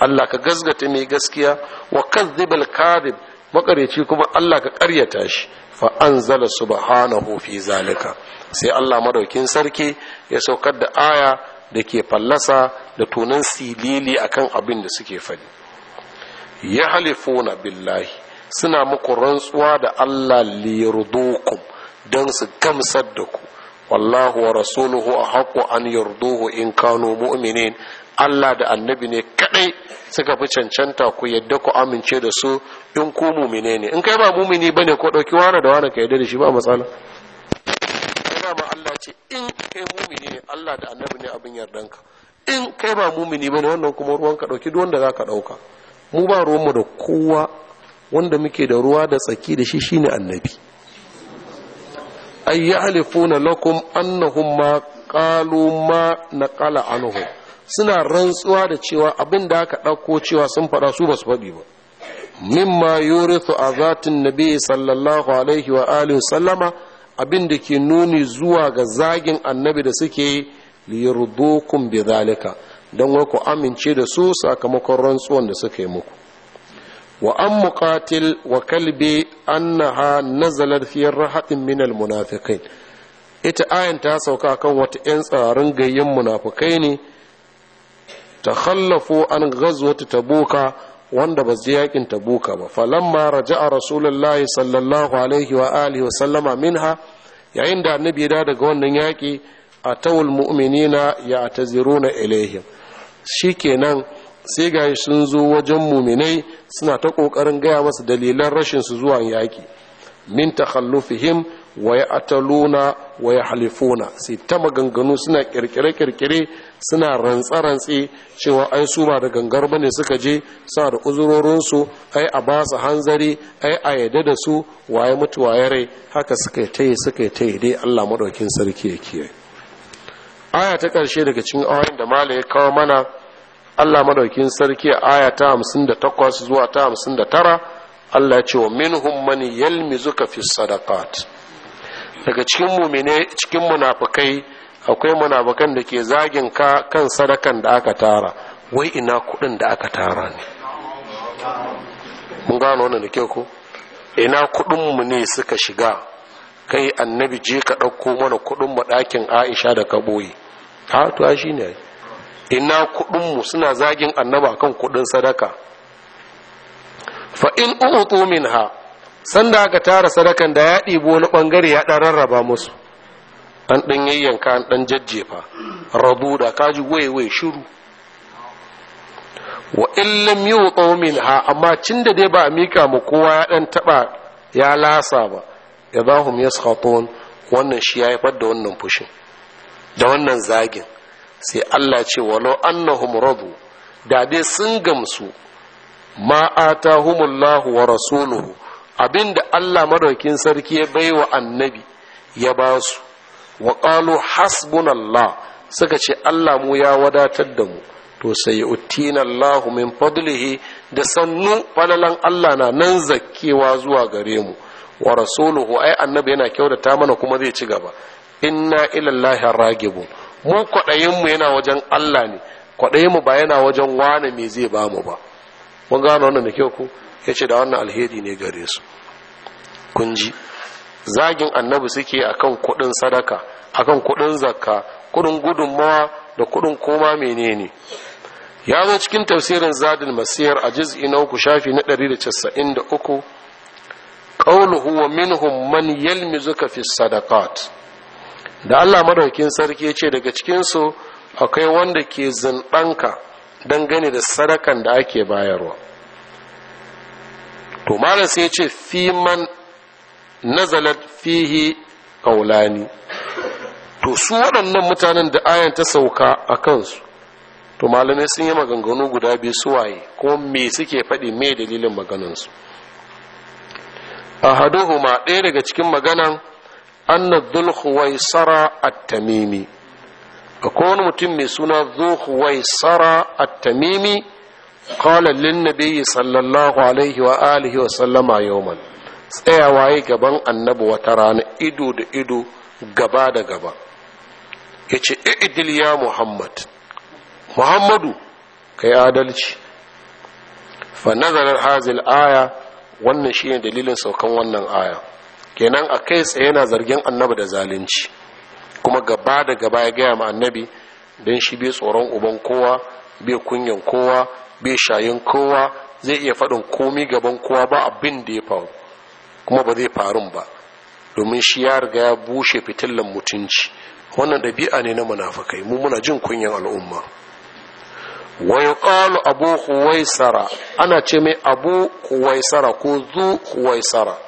Allah ka gazgata mai gaskiya wa kadhibal kadhib makareci kuma Allah ka karyata shi fa anzala subhanahu fi zalika sai Allah madaukin sarki ya saukar da aya da ke fallasa da tunan silili akan abin da suke faɗi yahlifuna billahi suna muku rantsuwa da Allah liyardukum don su gamsar da ku wallahu wa rasuluhu a haƙo an yarduhu in kano mu'minin Allah da annabi ne kadai suka fi cancanta ku yadda ku amince da su in ku mumine ne in kai ba mumini bane ko ɗauki wani da wani ka yadda da shi ba matsala yana ma Allah ce in kai mumini ne Allah da annabi ne abin yardanka in kai ba mumini bane wannan kuma ruwan ka ɗauki duk wanda za ka ɗauka mu ba ruwanmu da kowa wanda muke da ruwa da tsaki da shi shine annabi ay yahlifuna lakum annahum ma qalu ma naqala anhu suna rantsuwa da cewa abin da aka ɗauko cewa sun faɗa su ba su faɗi ba mimma yurithu azatin nabi sallallahu alaihi wa alihi sallama abin da ke nuni zuwa ga zagin annabi da suke liyardukum bi zalika don wai ku amince da su sakamakon rantsuwan da suka yi muku wa an muqatil wa kalbi annaha nazalat fi rahatin min al munafiqin ita ayan ta sauka kan wata yan tsarin gaiyan munafikai ne takhallafu an ghazwati tabuka wanda ba zai yakin tabuka ba falamma raja'a rasulullahi sallallahu alaihi wa alihi wa sallama minha yayin da annabi ya daga wannan yaki atawul mu'minina ya ataziruna ilaihim shikenan sai ga sun zo wajen muminai suna ta ƙoƙarin gaya masa dalilan rashin su zuwa yaki min takhallufihim wa ya'taluna wa yahlifuna sai ta maganganu suna kirkire kirkire suna rantsa rantsi cewa ai su ba da gangar bane suka je sa da uzurorin su ai a ba su hanzari ai a yadda da su waye mutuwa ya rai haka suka yi ta yi, suka yi ta yi, dai Allah madaukin sarki yake yi aya ta ƙarshe daga cikin ayoyin da malam ya kawo mana Allah madaukin sarki a aya ta hamsin da takwas zuwa ta hamsin da tara Allah ce wa minhum man yalmizuka fi sadaqat daga cikin mumine cikin munafikai akwai munafikan da ke zagin ka kan sadakan da aka tara wai ina kuɗin da aka tara ne mun gano wannan da ke ko ina kuɗin mu ne suka shiga kai annabi je ka ɗauko mana kuɗin mu ɗakin Aisha da ka a shi ne ina kudinmu suna zagin annaba kan kuɗin sadaka fa’in in min ha, sanda aka tara sadakan da ya ɗibo wani ɓangare ya ɗan rarraba musu an ɗan yayyanka an ɗan jajjefa rabu da kaji waiwai shiru wa in lam min ha amma cin da dai ba a mika mu kowa ya ɗan taɓa ya lasa ba ya idahum yaskhatun wannan shi ya haifar da wannan fushin da wannan zagin sai Allah ce walau annahum radu da dai sun gamsu ma atahumullahu wa rasuluhu abinda Allah madaukin sarki ya baiwa annabi ya ba su wa qalu hasbunallah suka ce Allah mu ya wadatar da mu to sai utina Allahu min fadlihi da sannu falalan Allah na nan zakkewa zuwa gare mu wa rasuluhu ai annabi yana kyautata mana kuma zai ci gaba inna ilallahi ragibu mu kwaɗayin mu yana wajen Allah ne kwaɗayin mu ba yana wajen wani me zai ba mu ba mun gano wannan da kyau ku yace da wannan alheri ne gare su kun ji zagin annabi suke akan kuɗin sadaka akan kuɗin zakka kuɗin gudunmawa da kuɗin koma menene ya zo cikin tafsirin zadin masiyar a juz'i na uku shafi na 193 qawluhu wa minhum man yalmizuka fi sadakat. da Allah madaukin sarki ce daga cikinsu akwai wanda ke zinɗanka dangane da sadakan da ake bayarwa to malam sai ce fi man nazalat fihi kaulani to su waɗannan mutanen da ayan ta sauka a kansu to malamai sun yi maganganu guda biyu suwaye ko me suke faɗi mai dalilin maganansu a ma ɗaya daga cikin maganan anna dhulhuwaisara at-tamimi akwai wani mutum mai suna dhulhuwaisara at-tamimi qala lin nabiyyi sallallahu tsayawa yi gaban annabi wata rana ido da ido gaba da gaba yace idil ya muhammad muhammadu kai adalci fa nazarar hazil aya wannan shine dalilin saukan wannan aya kenan a kai tsaye yana zargin annabi da zalunci kuma gaba da gaba ya gaya ma annabi don shi bai tsoron uban kowa bai kunyan kowa bai shayin kowa zai iya faɗin komi gaban kowa ba abin da ya faru kuma ba zai farun ba domin shi ya riga ya bushe fitilan mutunci wannan ɗabi'a ne na munafukai mu muna jin kunyan al'umma wai qalu abu huwaisara ana ce mai abu huwaisara ko zu huwaisara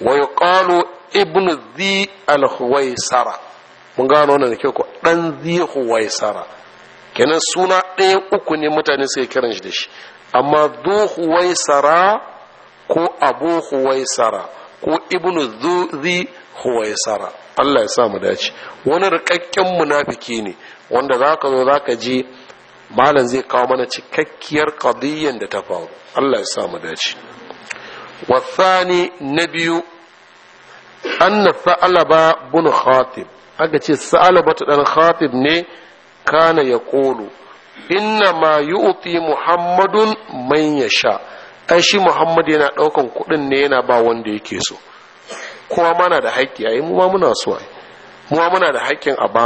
wa yuqalu ibnu zi huwaisara mun gano wannan da kyau ko dan zi huwaisara kenan suna ɗaya uku ne mutane suke kiran shi da shi amma zu huwaisara ko abu huwaisara ko ibnu zi huwaisara Allah ya sa mu dace wani rikakken munafiki ne wanda zaka zo zaka je malam zai kawo mana cikakkiyar qadiyyan da ta faru Allah ya sa mu dace wasani na biyu anna sa'alaba bin khatib aka ce sa'alaba ta dan khatib ne kana ya kolo inna ma yu'ti muhammadun man yasha ai shi muhammadu yana ɗaukan kudin ne yana ba wanda yake so kowa mana da haƙƙi ai mu muna so ai mu muna da haƙƙin a ba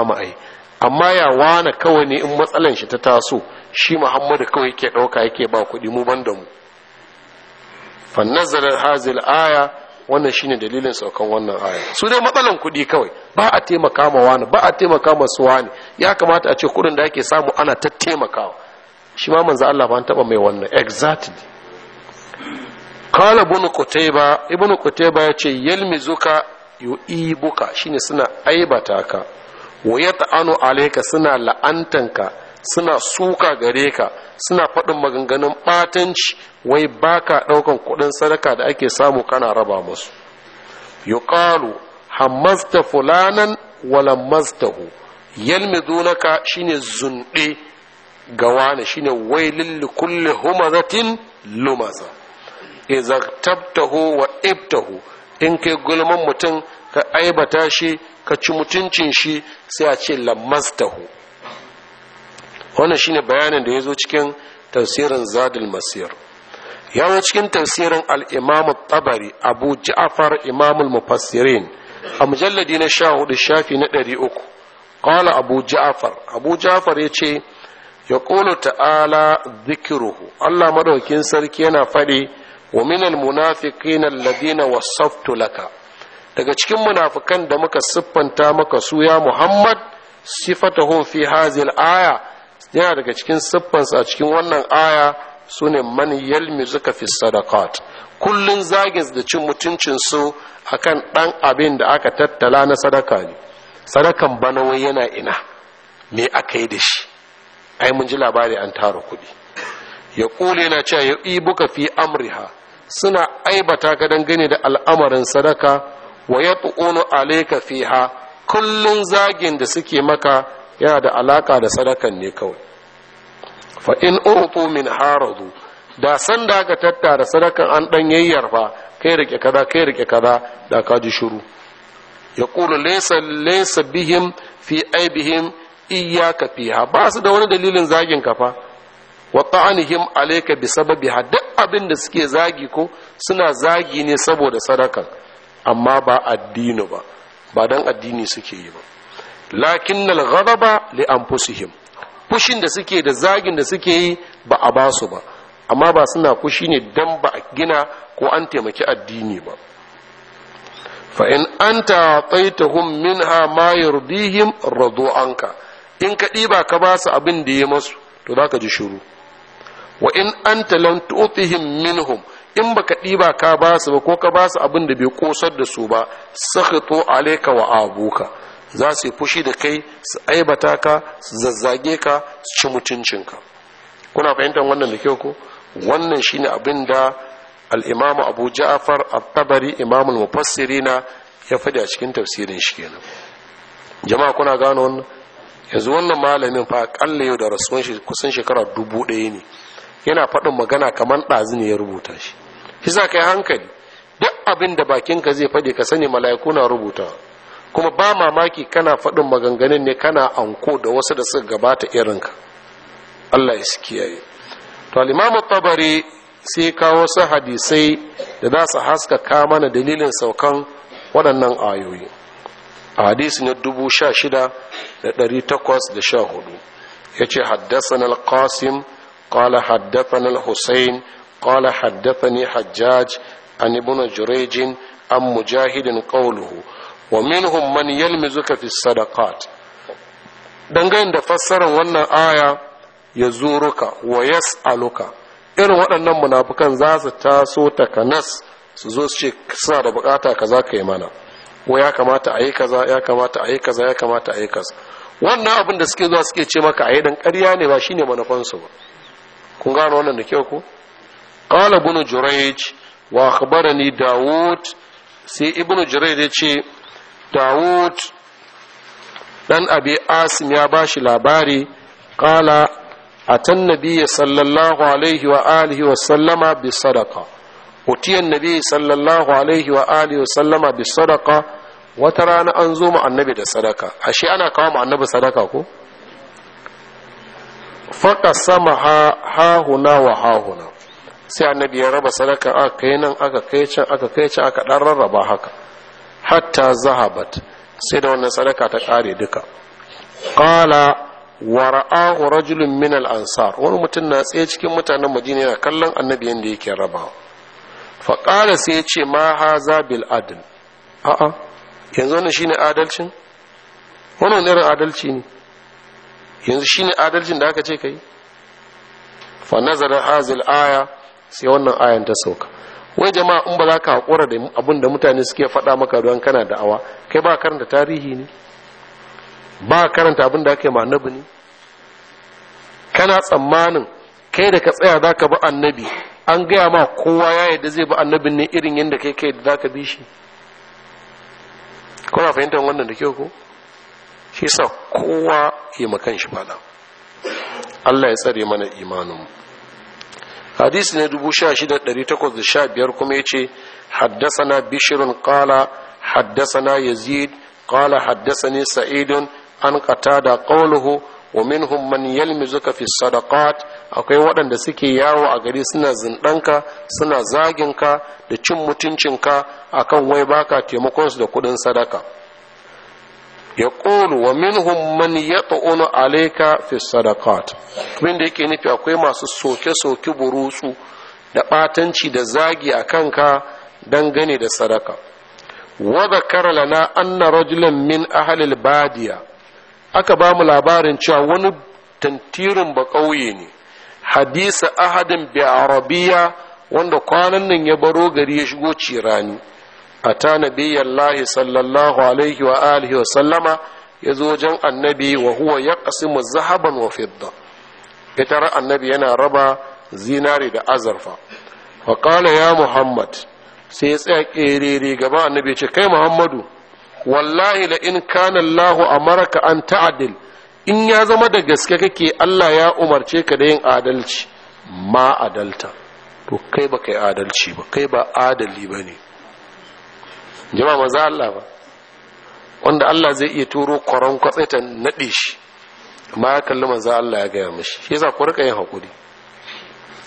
amma ya wana kawai ne in matsalan shi ta taso shi muhammadu kawai yake dauka yake ba kuɗi mu ban da mu fa hazil aya wannan shine dalilin saukan wannan aya su dai matsalan kuɗi kawai ba a taimaka ma wani ba a taimaka ma su wani ya kamata a ce kuɗin da ake samu ana ta taimakawa shi ma manzo Allah ba an taba mai wannan exactly qala ibn qutayba ibn qutayba yace yalmizuka yu'ibuka shine suna aibata ka wa yata'anu alayka suna la'antanka suna suka gare ka suna faɗin maganganun ɓatanci wai ba ka ɗaukan kuɗin sadaka da ake samu kana raba musu hamas da fulanan walamaztahu yalmidunaka shine zunɗe ga wani shine wailin likulli humazatin lumaza idza wa ibtahu in kai gulman mutum ka aibata shi ka ci mutuncin shi sai a ce lamastahu wannan shine bayanin da ya zo cikin tafsirin zadul masir ya zo cikin tafsirin al-imam tabari abu ja'far imam al-mufassirin a mujalladi na sha hudu shafi na ɗari uku qala abu ja'far abu ja'far ya ce ya ta'ala zikiruhu allah madaukin sarki yana faɗi wa minal munafiqina alladhina wasaftu laka daga cikin munafikan da muka siffanta maka su ya muhammad sifatahum fi hazil aya yana daga cikin siffansa a cikin wannan aya su ne man yalmi zuka fi sadakat kullun zagin da cin mutuncin su akan ɗan abin da aka tattala na sadaka ne sadakan bana wai yana ina me aka yi da shi ai mun ji labari an tara kuɗi ya ƙule na cewa ya ibuka fi amriha suna aibata ka gani da al'amarin sadaka wa ya alaika fiha kullun zagin da suke maka yana da alaka da sadakan ne kawai fa in uhtu min haradu da san da aka tattara sadakan an dan fa kai rike kaza kai rike kaza da ka ji shiru yaqulu laysa laysa bihim fi aibihim iyyaka fiha ba su da wani dalilin zagin ka fa wa ta'anihim alayka bi sababi duk abin da suke zagi ko suna zagi ne saboda sadakan amma ba addini ba ba dan addini suke yi ba lakin al-ghadaba li anfusihim fushin da suke da zagin da suke yi ba a ba su ba amma ba suna fushi ne dan ba a gina ko an taimaki addini ba fa in anta ataitahum minha ma yurdihim radu anka in ka ɗiba ka ba su abin da ya masu to za ka ji shiru wa in anta lam tu'tihim minhum in baka ɗiba ka ba su ba ko ka ba su abin da bai kosar da su ba sakhitu alayka wa abuka za su yi fushi da kai su aibata ka su zazzage ka su ci mutuncin ka. kuna fahimtar wannan da kyau ko wannan shine abin da al-imam abu ja'far at-tabari imamul mufassirina ya faɗi a cikin tafsirin shi kenan jama'a kuna gano wannan yanzu wannan malamin fa akalla yau da rasuwan shi kusan shekara dubu ɗaya ne yana faɗin magana kamar ɗazu ne ya rubuta shi shi sa kai hankali duk abinda bakinka zai faɗi ka sani mala'iku na rubuta kuma ba mamaki kana faɗin maganganun ne kana anko da wasu da suka gabata irinka Allah ya kiyaye to al-Imam tabari sai kawo wasu hadisai da za su haskaka mana dalilin saukan waɗannan ayoyi hadisi na dubu sha shida da ɗari takwas da sha hudu ya ce haddasa al-qasim قال حدثنا الحسين قال حدثني حجاج عن ابن جريج عن مجاهد قوله wa minhum man yalmizuka fi sadaqat dangane da fassarar wannan aya ya zuruka wa yas'aluka irin waɗannan munafukan za su taso takanas su zo su ce suna da bukata kaza ka yi mana ko ya kamata a yi kaza ya kamata a yi kaza ya kamata a yi kaza wannan abin da suke zuwa suke ce maka a yi dan ƙarya ne ba shine manufansu ba kun gano wannan da kyau ko qala bunu jurayj wa akhbarani daud sai ibnu jurayj ya ce dawud dan abi asim ya ba shi labari Qala a tan nabiya sallallahu alaihi wa alihi wa sallama bi sadaka utiyan nabiya sallallahu alaihi wa alihi wa sallama bi sadaka wata rana an zo mu annabi da sadaka ashe ana kawo mu annabi sadaka ko faka sama ha hahuna wa hahuna sai annabi ya raba sadaka aka kai nan aka kai can aka kai can aka dan rarraba haka hatta zahabat sai da wannan sadaka ta kare duka wa wara'ahu rajulun min al-ansar wani mutum na tsaye cikin mutanen madina yana kallon annabi yanda yake raba fa qala sai ya ce ma haza bil adl a'a yanzu wannan shine adalcin wannan irin adalci ne yanzu shine adalcin da aka ce kai fa nazara hazil aya sai wannan ayan ta sauka wai jama'a in ba za ka haƙura da abin da mutane suke faɗa maka don kana da'awa kai ba karanta tarihi ne ba karanta abin da ake ma ne kana tsammanin kai da ka tsaya za ka bi annabi an gaya ma kowa ya yadda zai bi annabin ne irin yadda kai kai da za ka bi shi kuna fahimtar wannan da kyau ko shi sa kowa yi makan shi fada Allah ya tsare mana imaninmu hadisi ne biyar kuma yace haddathana bishrun qala haddathana yazid qala ne sa'idun an da qawluhu wa minhum man yalmizuka fi sadaqat akwai waɗanda suke yawo a gari suna zindanka suna zaginka da cin mutuncinka akan wai baka taimakon su da kuɗin sadaka ya ƙolu wa minhum man ya ta'unu alaika fi sadakat abin da yake nufi akwai masu soke-soke burutsu da ɓatanci da zagi a kanka dangane da sadaka wa zakara lana anna rajulan min ahlil badiya aka ba mu labarin cewa wani tantirin ba ƙauye ne hadisa ahadin bi arabiya wanda kwanan nan ya baro gari ya shigo cirani ata nabiyallahi sallallahu alaihi wa alihi wa sallama ya annabi wahuwa huwa ya ƙasimu zahaban wa fidda ita annabi yana raba zinari da azurfa Waƙala ya muhammad sai ya tsaya ƙerere gaba annabi ce kai muhammadu wallahi la in kana allahu amaraka an ta'adil in ya zama da gaske kake allah ya umarce ka da yin adalci ma adalta to kai ba adalci ba kai ba adali ba ne jama'a maza Allah ba wanda Allah zai iya turo kwaron kwatsai ta naɗe shi amma ya kalli maza Allah ya gaya mashi shi yasa ku rika yin haƙuri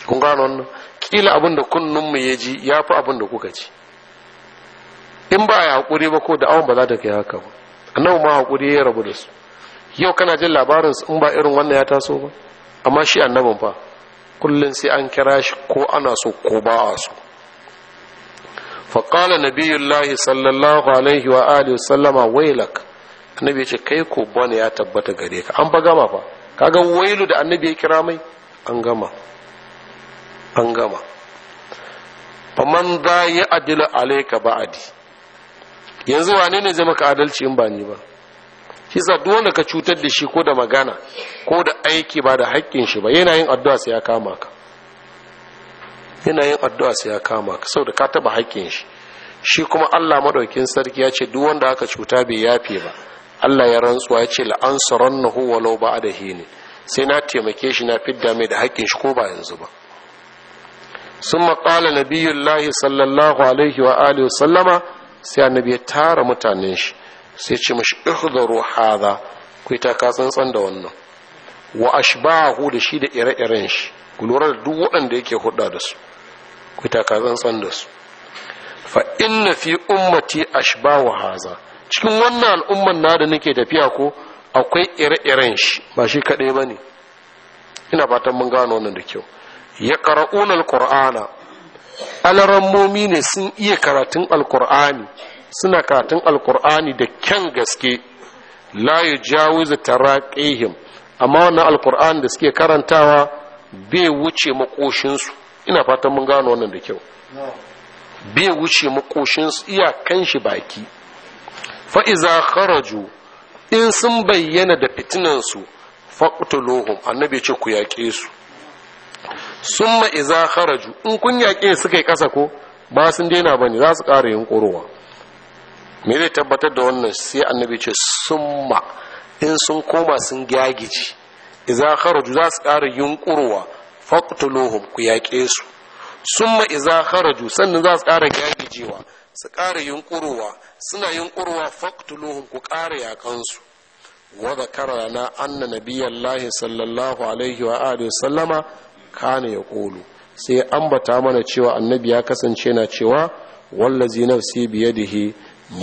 kun gano wannan kila abin da kunnun mu ya fi abin da kuka ci in ba yi haƙuri ba ko da awon ba za ta kai haka ba annabi ma haƙuri ya rabu da su yau kana jin labarin in ba irin wannan ya taso ba amma shi annabin fa kullum sai an kira shi ko ana so ko ba a so faƙala nabiyullahi sallallahu alaihi wa alihi sallama wailak annabi ya ce kai ko bane ya tabbata gare ka an ba gama fa kaga wailu da annabi ya kira mai an gama an gama faman za ya adila alaika ba'adi yanzu wane ne zai maka adalci in ba ni ba shi sa duk ka cutar da shi ko da magana ko da aiki ba da haƙƙin shi ba yana yin addu'a sai ya kama ka yana yin addu'a sai ya kama ka saboda ka taba haƙƙin shi shi kuma Allah madaukin sarki ya ce duk wanda aka cuta bai yafe ba Allah ya rantsuwa ya ce la'ansarannahu walau ba'da hini sai na taimake shi na fidda mai da haƙƙin shi ko ba yanzu ba sun maƙala نبي الله صلى الله عليه وآله sai annabi ya tara mutanen shi sai ce mashi ihdaru hadha ku ta ka tsantsan da wannan wa ashbahu da shi da ire-iren shi ku da duk waɗanda yake hudda da su Fita taka tsantsan da su fa inna fi ummati ashbahu haza cikin wannan al'umman na da nake tafiya ko akwai ire-iren shi ba shi kadai bane ina fatan mun gano wannan da kyau ya qara'una alqur'ana alarammomi ne sun iya karatun alqur'ani suna karatun alqur'ani da kyan gaske la yujawizu taraqihim amma wannan alqur'ani da suke karantawa bai wuce makoshinsu ina fatan mun gano wannan da kyau bai wuce makoshin iyakan shi baki fa'iza kharaju in sun bayyana da fitinansu faƙutulohun annabi ce ku yaƙe su sun ma'iza kharaju in kun yaƙe suka yi ƙasa ko ba sun daina ba ne za su ƙara yin ƙorowa me zai tabbatar da wannan sai annabi ce sun in sun koma sun gyagici iza kharaju za su ƙara yin ƙorowa faqtuluhum ku yaƙe su summa ma'iza kharaju sannan za su ƙara gagijewa su ƙara yunƙurowa suna yunƙurowa faqtuluhum ku ƙara yaƙansu. su wa zakara na anna nabiyallahi sallallahu alaihi wa alihi sallama kana yaqulu sai ambata mana cewa annabi ya kasance na cewa wallazi nafsi biyadihi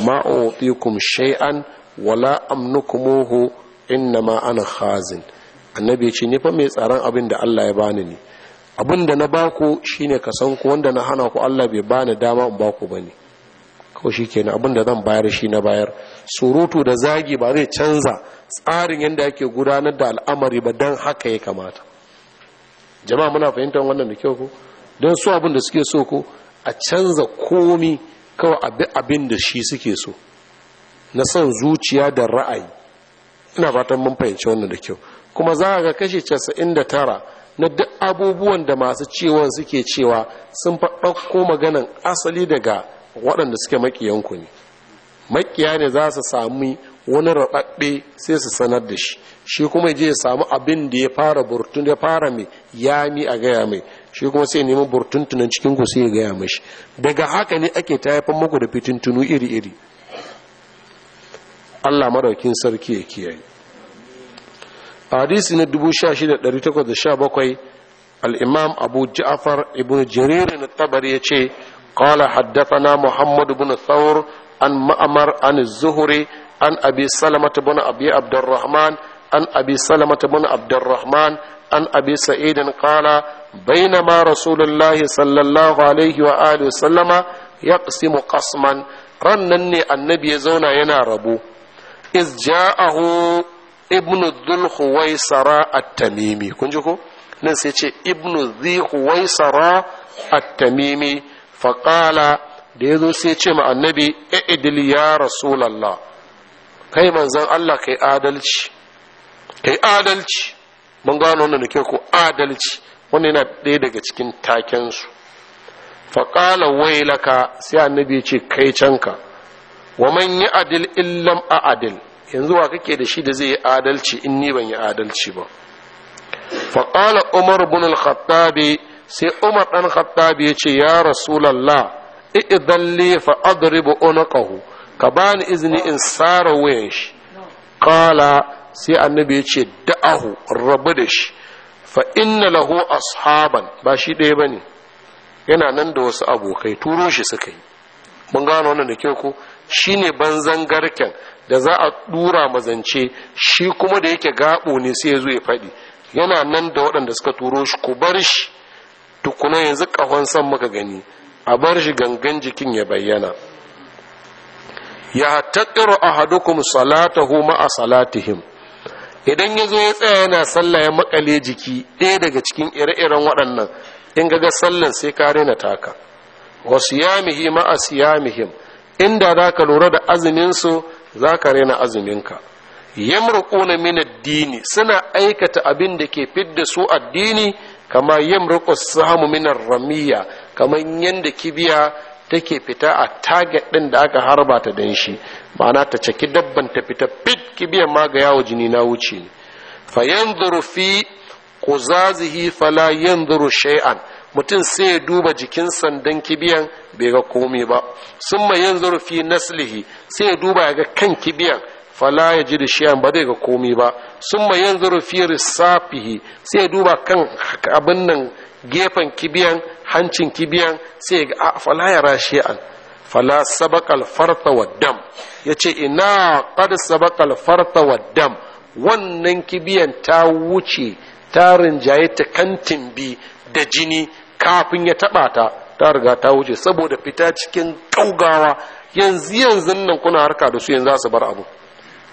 ma utikum shay'an wala amnukumuhu innama ana khazin annabi ya ce ni fa mai tsaron abin da Allah ya bani ne abin da na baku shine ka san ku wanda na hana ku Allah bai bani dama in baku bane kawai shikenan abin da zan bayar shi na bayar surutu da zagi ba zai canza tsarin yadda yake gudanar da al'amari ba dan haka ya kamata jama'a muna fahimtar wannan da kyau ko don su abin da suke so ko a canza komi kawai abin da shi suke so na son zuciya da ra'ayi ina fatan mun fahimci wannan da kyau kuma za ga kashi casa'in da tara na duk abubuwan da masu cewa suke cewa sun faɗaɗɗo maganan asali daga waɗanda suke makiyanku ne Makiya ne za su sami wani raɓaɓɓe sai su sanar da shi shi kuma je ya samu abin da ya fara burtun ya fara mai yami a gaya mai shi kuma sai neman burtun tunan cikin ku sai ya gaya mashi daga haka ne ake ta haifan muku da fitintunu iri-iri Allah maraukin sarki ya kiyaye hadisi na 16,817 al’imam abu jafar ibn jiririn na ya ce ƙwala haddafana muhammadu bin saur an ma'amar an zuhuri an abi salamata bin abi abdurrahman an abi salamata bin abdurrahman an abi sa'idan ƙwala bainama rasulullahi sallallahu alaihi wa sallama ya ƙasimu ƙasman ne annabi ya zauna yana rabu ibnu dhul huwaisara at-tamimi kun ji ko nan sai ce ibnu dhi huwaisara at-tamimi fa qala da yazo sai ce ma annabi i'dil ya rasulullah kai manzon Allah kai adalci kai adalci mun gano wannan da ke ko adalci wannan yana ɗaya daga cikin taken su fa qala wailaka sai annabi ya ce kai canka wa man ya'dil illam a'dil yanzu wa kake da shi da zai yi adalci in ni ban yi adalci ba faƙala umar bin al sai umar ɗan khattabi ya ce ya rasulallah idan li fa adribu unqahu ka bani izini in sara wayan shi qala sai annabi ya ce da'ahu rabu da shi fa inna lahu ashaban ba shi ɗaya bane yana nan da wasu abokai turo shi suka yi mun gano wannan da kyau ko shine banzan garken da za a dura mazance shi kuma da yake gabo ne sai ya ya faɗi yana nan da waɗanda suka turo shi ku bar shi tukuna yanzu ƙahon san muka gani a bar shi gangan jikin ya bayyana ya taƙiru ahadukum salatahu ma'a salatihim idan ya zo ya tsaya yana sallah ya makale jiki ɗaya daga cikin ire-iren waɗannan in ga sallan sai ka na taka wasu yamihi ma'a siyamihim inda za ka lura da azuminsu za ka rena azuminka yamruquna min ad-dini suna aikata abin da ke fidda su addini kama yamruqu samu min ar-ramiya kaman yanda kibiya take fita a target ɗin da aka harba ta dan shi ma'ana ta caki dabban ta fita fit kibiyar ma ga yawo jini na wuce ne fa yanzuru fi quzazihi fala yanzuru shay'an mutum sai ya duba jikin sandan kibiyan bai ga komai ba Sun summa yanzuru fi naslihi sai ya duba ya ga kan kibiyan fala ya ji da shiyan ba zai ga komi ba sun ma yanzu rufiyar safihi. sai ya duba kan abin nan gefen kibiyan hancin kibiyan sai ya ga ah, fala ya an. fala sabakal farta wa dam ya ce ina kada sabakal farta wa dam wannan kibiyan ta wuce ta rinjaye ta kantin bi da jini kafin ya taɓa ta ta riga ta wuce saboda fita cikin kaugawa yanzu yanzu nan kuna harka da su yanzu za su bar abu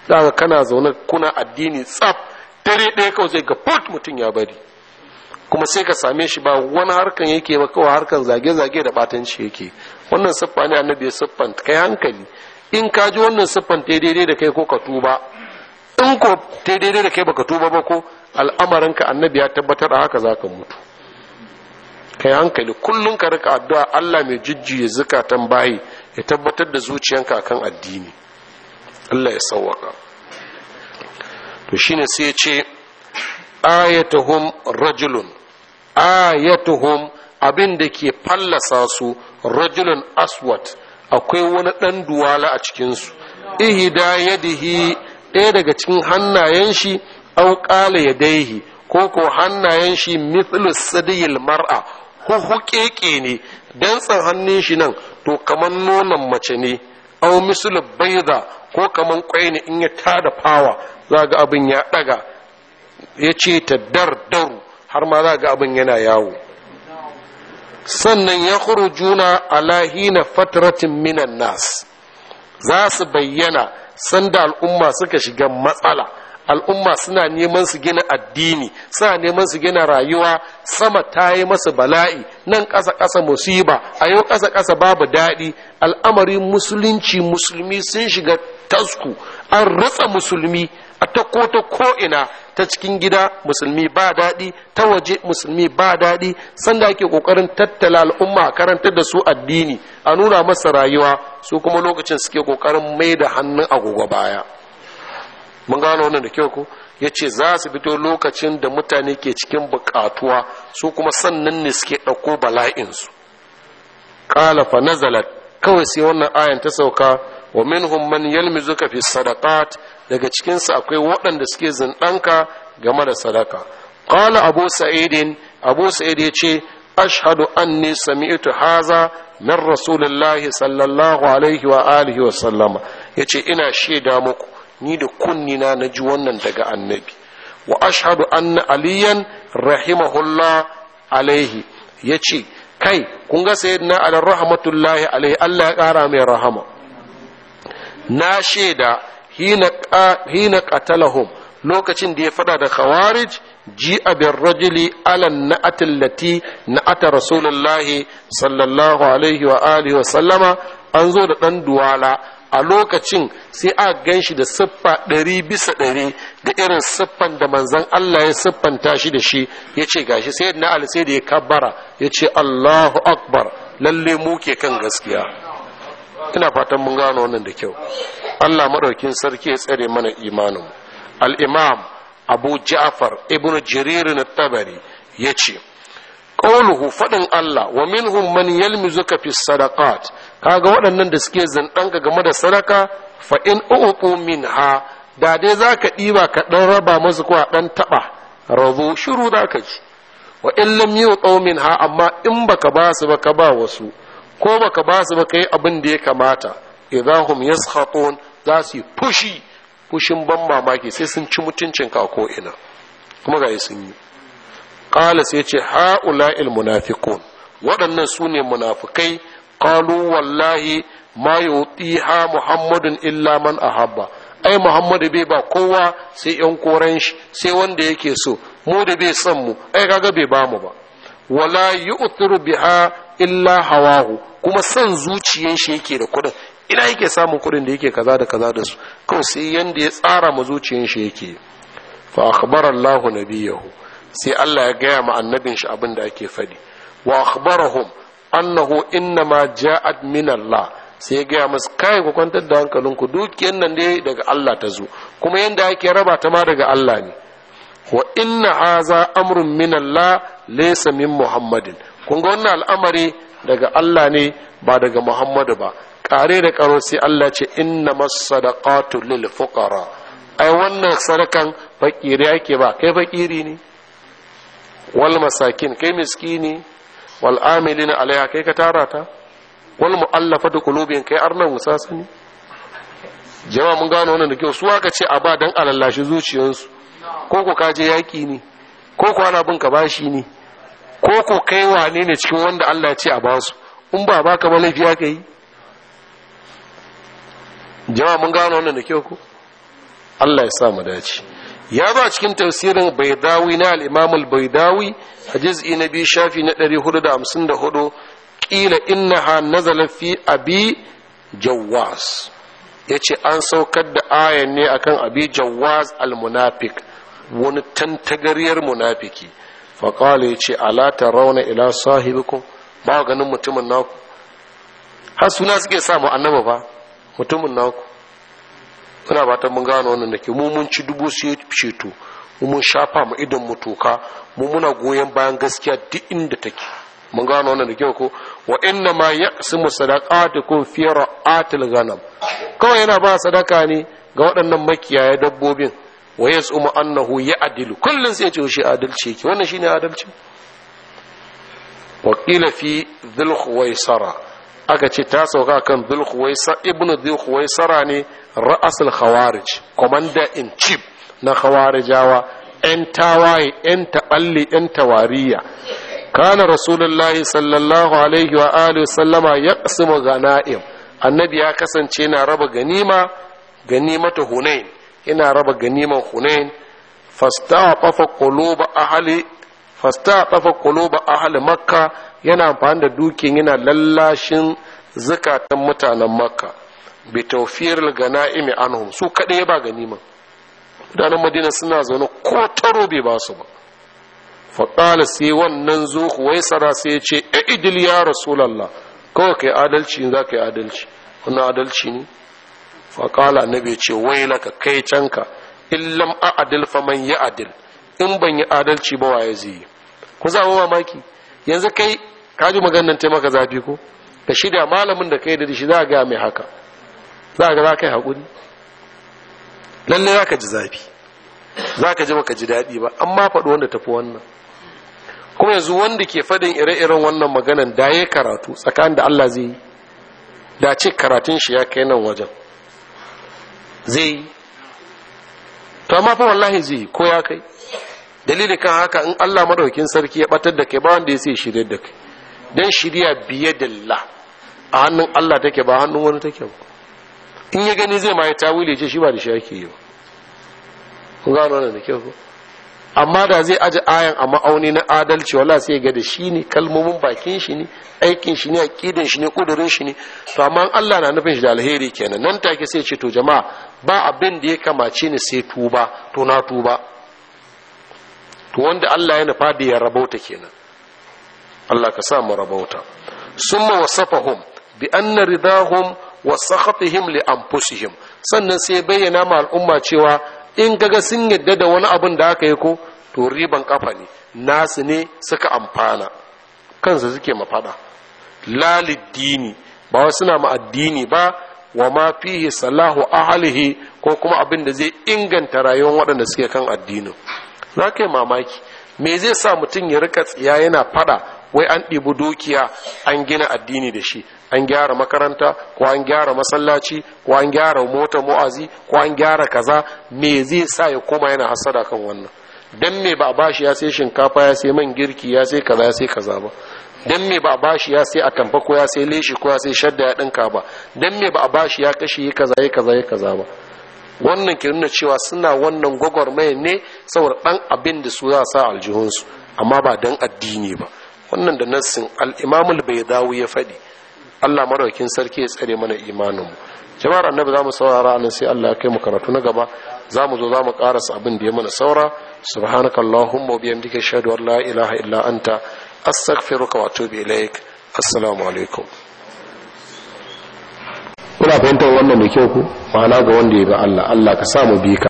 za kana zaune kuna addini tsaf dare ɗaya kawai sai ga fut mutum ya bari kuma sai ka same shi ba wani harkan yake ba kawai harkan zage-zage da batanci yake wannan siffa ne annabi ya siffan kai hankali in ka ji wannan siffan ta daidai da kai ko ka tuba in ko ta daidai da kai baka tuba ba ko al'amarinka annabi ya tabbatar a haka zaka mutu kai hankali kullum ka rika addu'a Allah mai jijjiye zukatan bayi ya tabbatar da zuciyanka akan addini Allah ya sauwaka to shine sai ya ce ayatuhum rajulun ayatuhum abin da ke fallasa su rajulun aswat akwai wani ɗan duwala a cikinsu ihida yadihi ɗaya daga cikin hannayen shi au qala ya ko ko hannayen shi mithlus sadiyil mar'a huhuƙeƙe ne dantsan hannun shi nan to kaman nonon mace ne aw misul bayda ko kaman kwai ne in ya tada fawa za ga abin ya daga ya ta dar daru har ma zaga abin yana yawo sannan ya juna ala hina fatratin minan nas za su bayyana sanda al'umma suka shiga matsala al'umma suna neman su gina addini suna neman su gina rayuwa sama ta yi masa bala'i nan ƙasa ƙasa musiba a yau ƙasa ƙasa babu daɗi al'amari musulunci musulmi sun shiga tasku an ratsa musulmi a ta kota ko'ina ta cikin gida musulmi ba daɗi ta waje musulmi ba daɗi sanda ake ƙoƙarin tattala al'umma a karanta da su addini a nuna masa rayuwa su kuma lokacin suke ƙoƙarin mai da hannun agogo baya mun gano wannan da kyau ko ya ce za su fito lokacin da mutane ke cikin bukatuwa su kuma sannan ne suke ɗauko bala'insu Qala fa nazalat kawai sai wannan ayan ta sauka wa minhum man yalmizuka fi sadaqat daga cikin akwai waɗanda suke zindanka game da sadaka qala abu sa'idin abu sa'id ya ce ashhadu anni sami'tu haza min rasulillahi sallallahu alaihi wa alihi wa sallama yace ina shaida muku ni da kunnina na ji wannan daga annabi wa ashhadu anna aliyan rahimahullah alaihi ya ce kai kun ga sayyidina ala rahmatullahi alaihi Allah ya kara mai rahama na shaida hina qatalahum lokacin da ya fada da khawarij ji abin rajuli alan na'atin lati na'ata rasulullahi sallallahu alaihi wa alihi wa sallama an zo da ɗan duwala a lokacin sai a gan shi da siffa ɗari bisa ɗari da irin siffan da manzan Allah ya siffanta shi da shi ya ce gashi sai na alisai da ya kabara, ya ce Allahu akbar lalle mu ke kan gaskiya ina fatan mun gano wannan da kyau Allah maɗaukin sarki ya tsare mana imanin al-imam Abu Ja'far ibn Jarir at-Tabari yace qawluhu fadin Allah wa minhum man yalmizuka fi sadaqat kaga waɗannan da suke zanɗanka game da sadaka fa in min ha, da dai za ka ɗiba ka ɗan raba masu ko ɗan taɓa rabu shiru za ka ji wa in lam min minha amma in baka ba su ba ka ba wasu ko baka ba su ba kai abin da ya kamata idahum yaskhatun za su yi fushi fushin ban mamaki sai sun ci mutuncin ka ko ina kuma ga sun yi qala sai ce ha'ula'il munafikun waɗannan su ne munafukai qalu wallahi ma yutiha muhammadun illa man ahabba ai muhammadu bai ba kowa sai yan koren shi sai wanda yake so mu da bai son mu ai kaga bai bamu ba wala yu'thiru biha illa hawahu kuma son zuciyan shi yake da kudin ina yake samun kuɗin da yake kaza da kaza da su kawai sai yanda ya tsara ma zuciyar shi yake fa akhbara Allah nabiyahu sai Allah ya gaya ma annabin shi abin da ake fadi wa akhbarahum annahu innama ja'at min Allah sai gaya masu kai ku kwantar da hankalinku dukiyar nan dai daga Allah ta zo kuma yanda yake raba ta ma daga Allah ne wa inna haza amrun min Allah laysa min Muhammadin kun ga wannan al'amari daga Allah ne ba daga Muhammadu ba kare da karo sai Allah ce inna sadaqatu lil fuqara ai wannan sadakan fakiri yake ba kai fakiri ne wal masakin kai miskini wal amilina alaiha kai ka tara ta wal da kulubin kai arna musa sani. Jama mun gano wannan da kyau su ka ce a ba dan alallashi zuciyansu ko ko kaje yaki ne ko ana bin ka bashi ne ko ko kai wane ne cikin wanda Allah ya ce a basu? in ba baka ba laifi aka yi Jama mun gano wannan da ke ko Allah ya sa mu dace ya zo a cikin tafsirin baidawi na al’imamul baidawi a juz'i na biyu shafi na 454 inna innaha nazala fi abi Ya ce an saukar da ayan ne akan abi jawaz al munafik wani tantagariyar munafiki faƙala ya ce alata rauna ila sahibikum ba ganin mutumin naku har suna suke samu annaba ba mutumin naku muna ta mun gane wannan da ke mu mun ci dubu ceto mu mun shafa mu idan mu toka mu muna goyon bayan gaskiya duk inda take mun gane wannan da ke ko wa inna ma yaqsimu sadaqatukum fi ra'atil ghanam kawai yana ba sadaka ne ga waɗannan makiyaya dabbobin wa yas'umu annahu ya'dilu kullun sai ce shi adalci yake wannan shine adalci wa fi dhul khuwaisara aka ce ta sauka kan Ibn ibn Sara ne ra'asul khawarij commander in chief na khawarijawa yan tawaye yan taballe yan tawariya kana rasulullahi sallallahu alaihi wa alihi sallama ya gana'im annabi ya kasance na raba ganima ganimata hunain ina raba ganiman hunain fastafa quluba ahli fasta ɗafa kuluba hali makka yana amfani da dukin yana lallashin zukatan mutanen makka bi tawfir ganaimi anhum su kaɗai ba ganima mutanen madina suna zaune ko taro bai ba su ba faƙala sai wannan wai waisara sai ya ce e idil ya rasulallah kawai kai adalci za ka yi adalci wani adalci ne faƙala na bai ce wai laka kai canka illam a adil fa man ya adil in ban yi adalci ba waye zai yi ku za mamaki yanzu kai ka ji maganar ta zafi ko da shida malamin da kai da shi za a ga mai haka za a ga za ka yi haƙuri lallai za ka ji zafi za ka ji baka ji daɗi ba An ma faɗi wanda tafi wannan kuma yanzu wanda ke faɗin ire-iren wannan maganan da ya karatu tsakanin da Allah zai yi da ce karatun shi ya kai nan wajen zai yi to amma fa wallahi zai ko ya kai dalili kan haka in Allah madaukin sarki ya batar da kai ba wanda ya sai shirye da kai dan shiriya biye da Allah a hannun Allah take ba hannun wani take ba in ya gani zai ma ya tawile ce shi ba da shi yake yi ba ku gano wannan da kyau amma da zai aji ayan a ma'auni na adalci wala sai ga da shi ne kalmomin bakin shi ne aikin shi ne aƙidin shi ne ƙudurin shi ne to amma Allah na nufin shi da alheri kenan nan take sai ce to jama'a ba abin da ya kamace ni sai tuba to na tuba to wanda Allah ya nufa da ya rabauta kenan Allah ka sa mu rabauta summa wasafahum bi anna ridahum wa sakhatihim li anfusihim sannan sai bayyana ma al'umma cewa in kaga sun yadda da wani abin da aka yi ko to riban kafa ne nasu ne suka amfana kansa suke mafada laliddini ba wasu na ma addini ba wa ma fihi salahu ahlihi ko kuma abin da zai inganta rayuwar waɗanda suke kan addinin za ka yi mamaki me zai sa mutum ya rika tsiya yana fada wai an ɗibi dukiya an gina addini da shi an gyara makaranta ko an gyara masallaci ko an gyara mota mu'azi ko an gyara kaza me zai sa ya koma yana hasada kan wannan dan me ba bashi ya sai shinkafa ya sai man girki ya sai kaza ya sai kaza ba dan me ba bashi ya sai atamfa ko ya sai leshi ko ya sai shadda ya dinka ba dan me ba bashi ya kashe ya kaza ya kaza ya kaza ba wannan ke nuna cewa suna wannan mai ne saboda dan abin da su za sa aljihun su. amma ba dan addini ba wannan da nassin al al baydawi ya faɗi Allah maraukin sarki ya tsare mana imaninmu jama'ar annabi za mu saurara nan sai Allah ya kai mu karatu na gaba za mu zo za mu karasa abin da ya mana saura subhanakallahumma wa bihamdika ashhadu an la ilaha illa anta astaghfiruka wa atubu ilaik alaikum kuna fahimtar wannan da kyau ku ma'ana ga wanda ya bi Allah Allah ka mu bi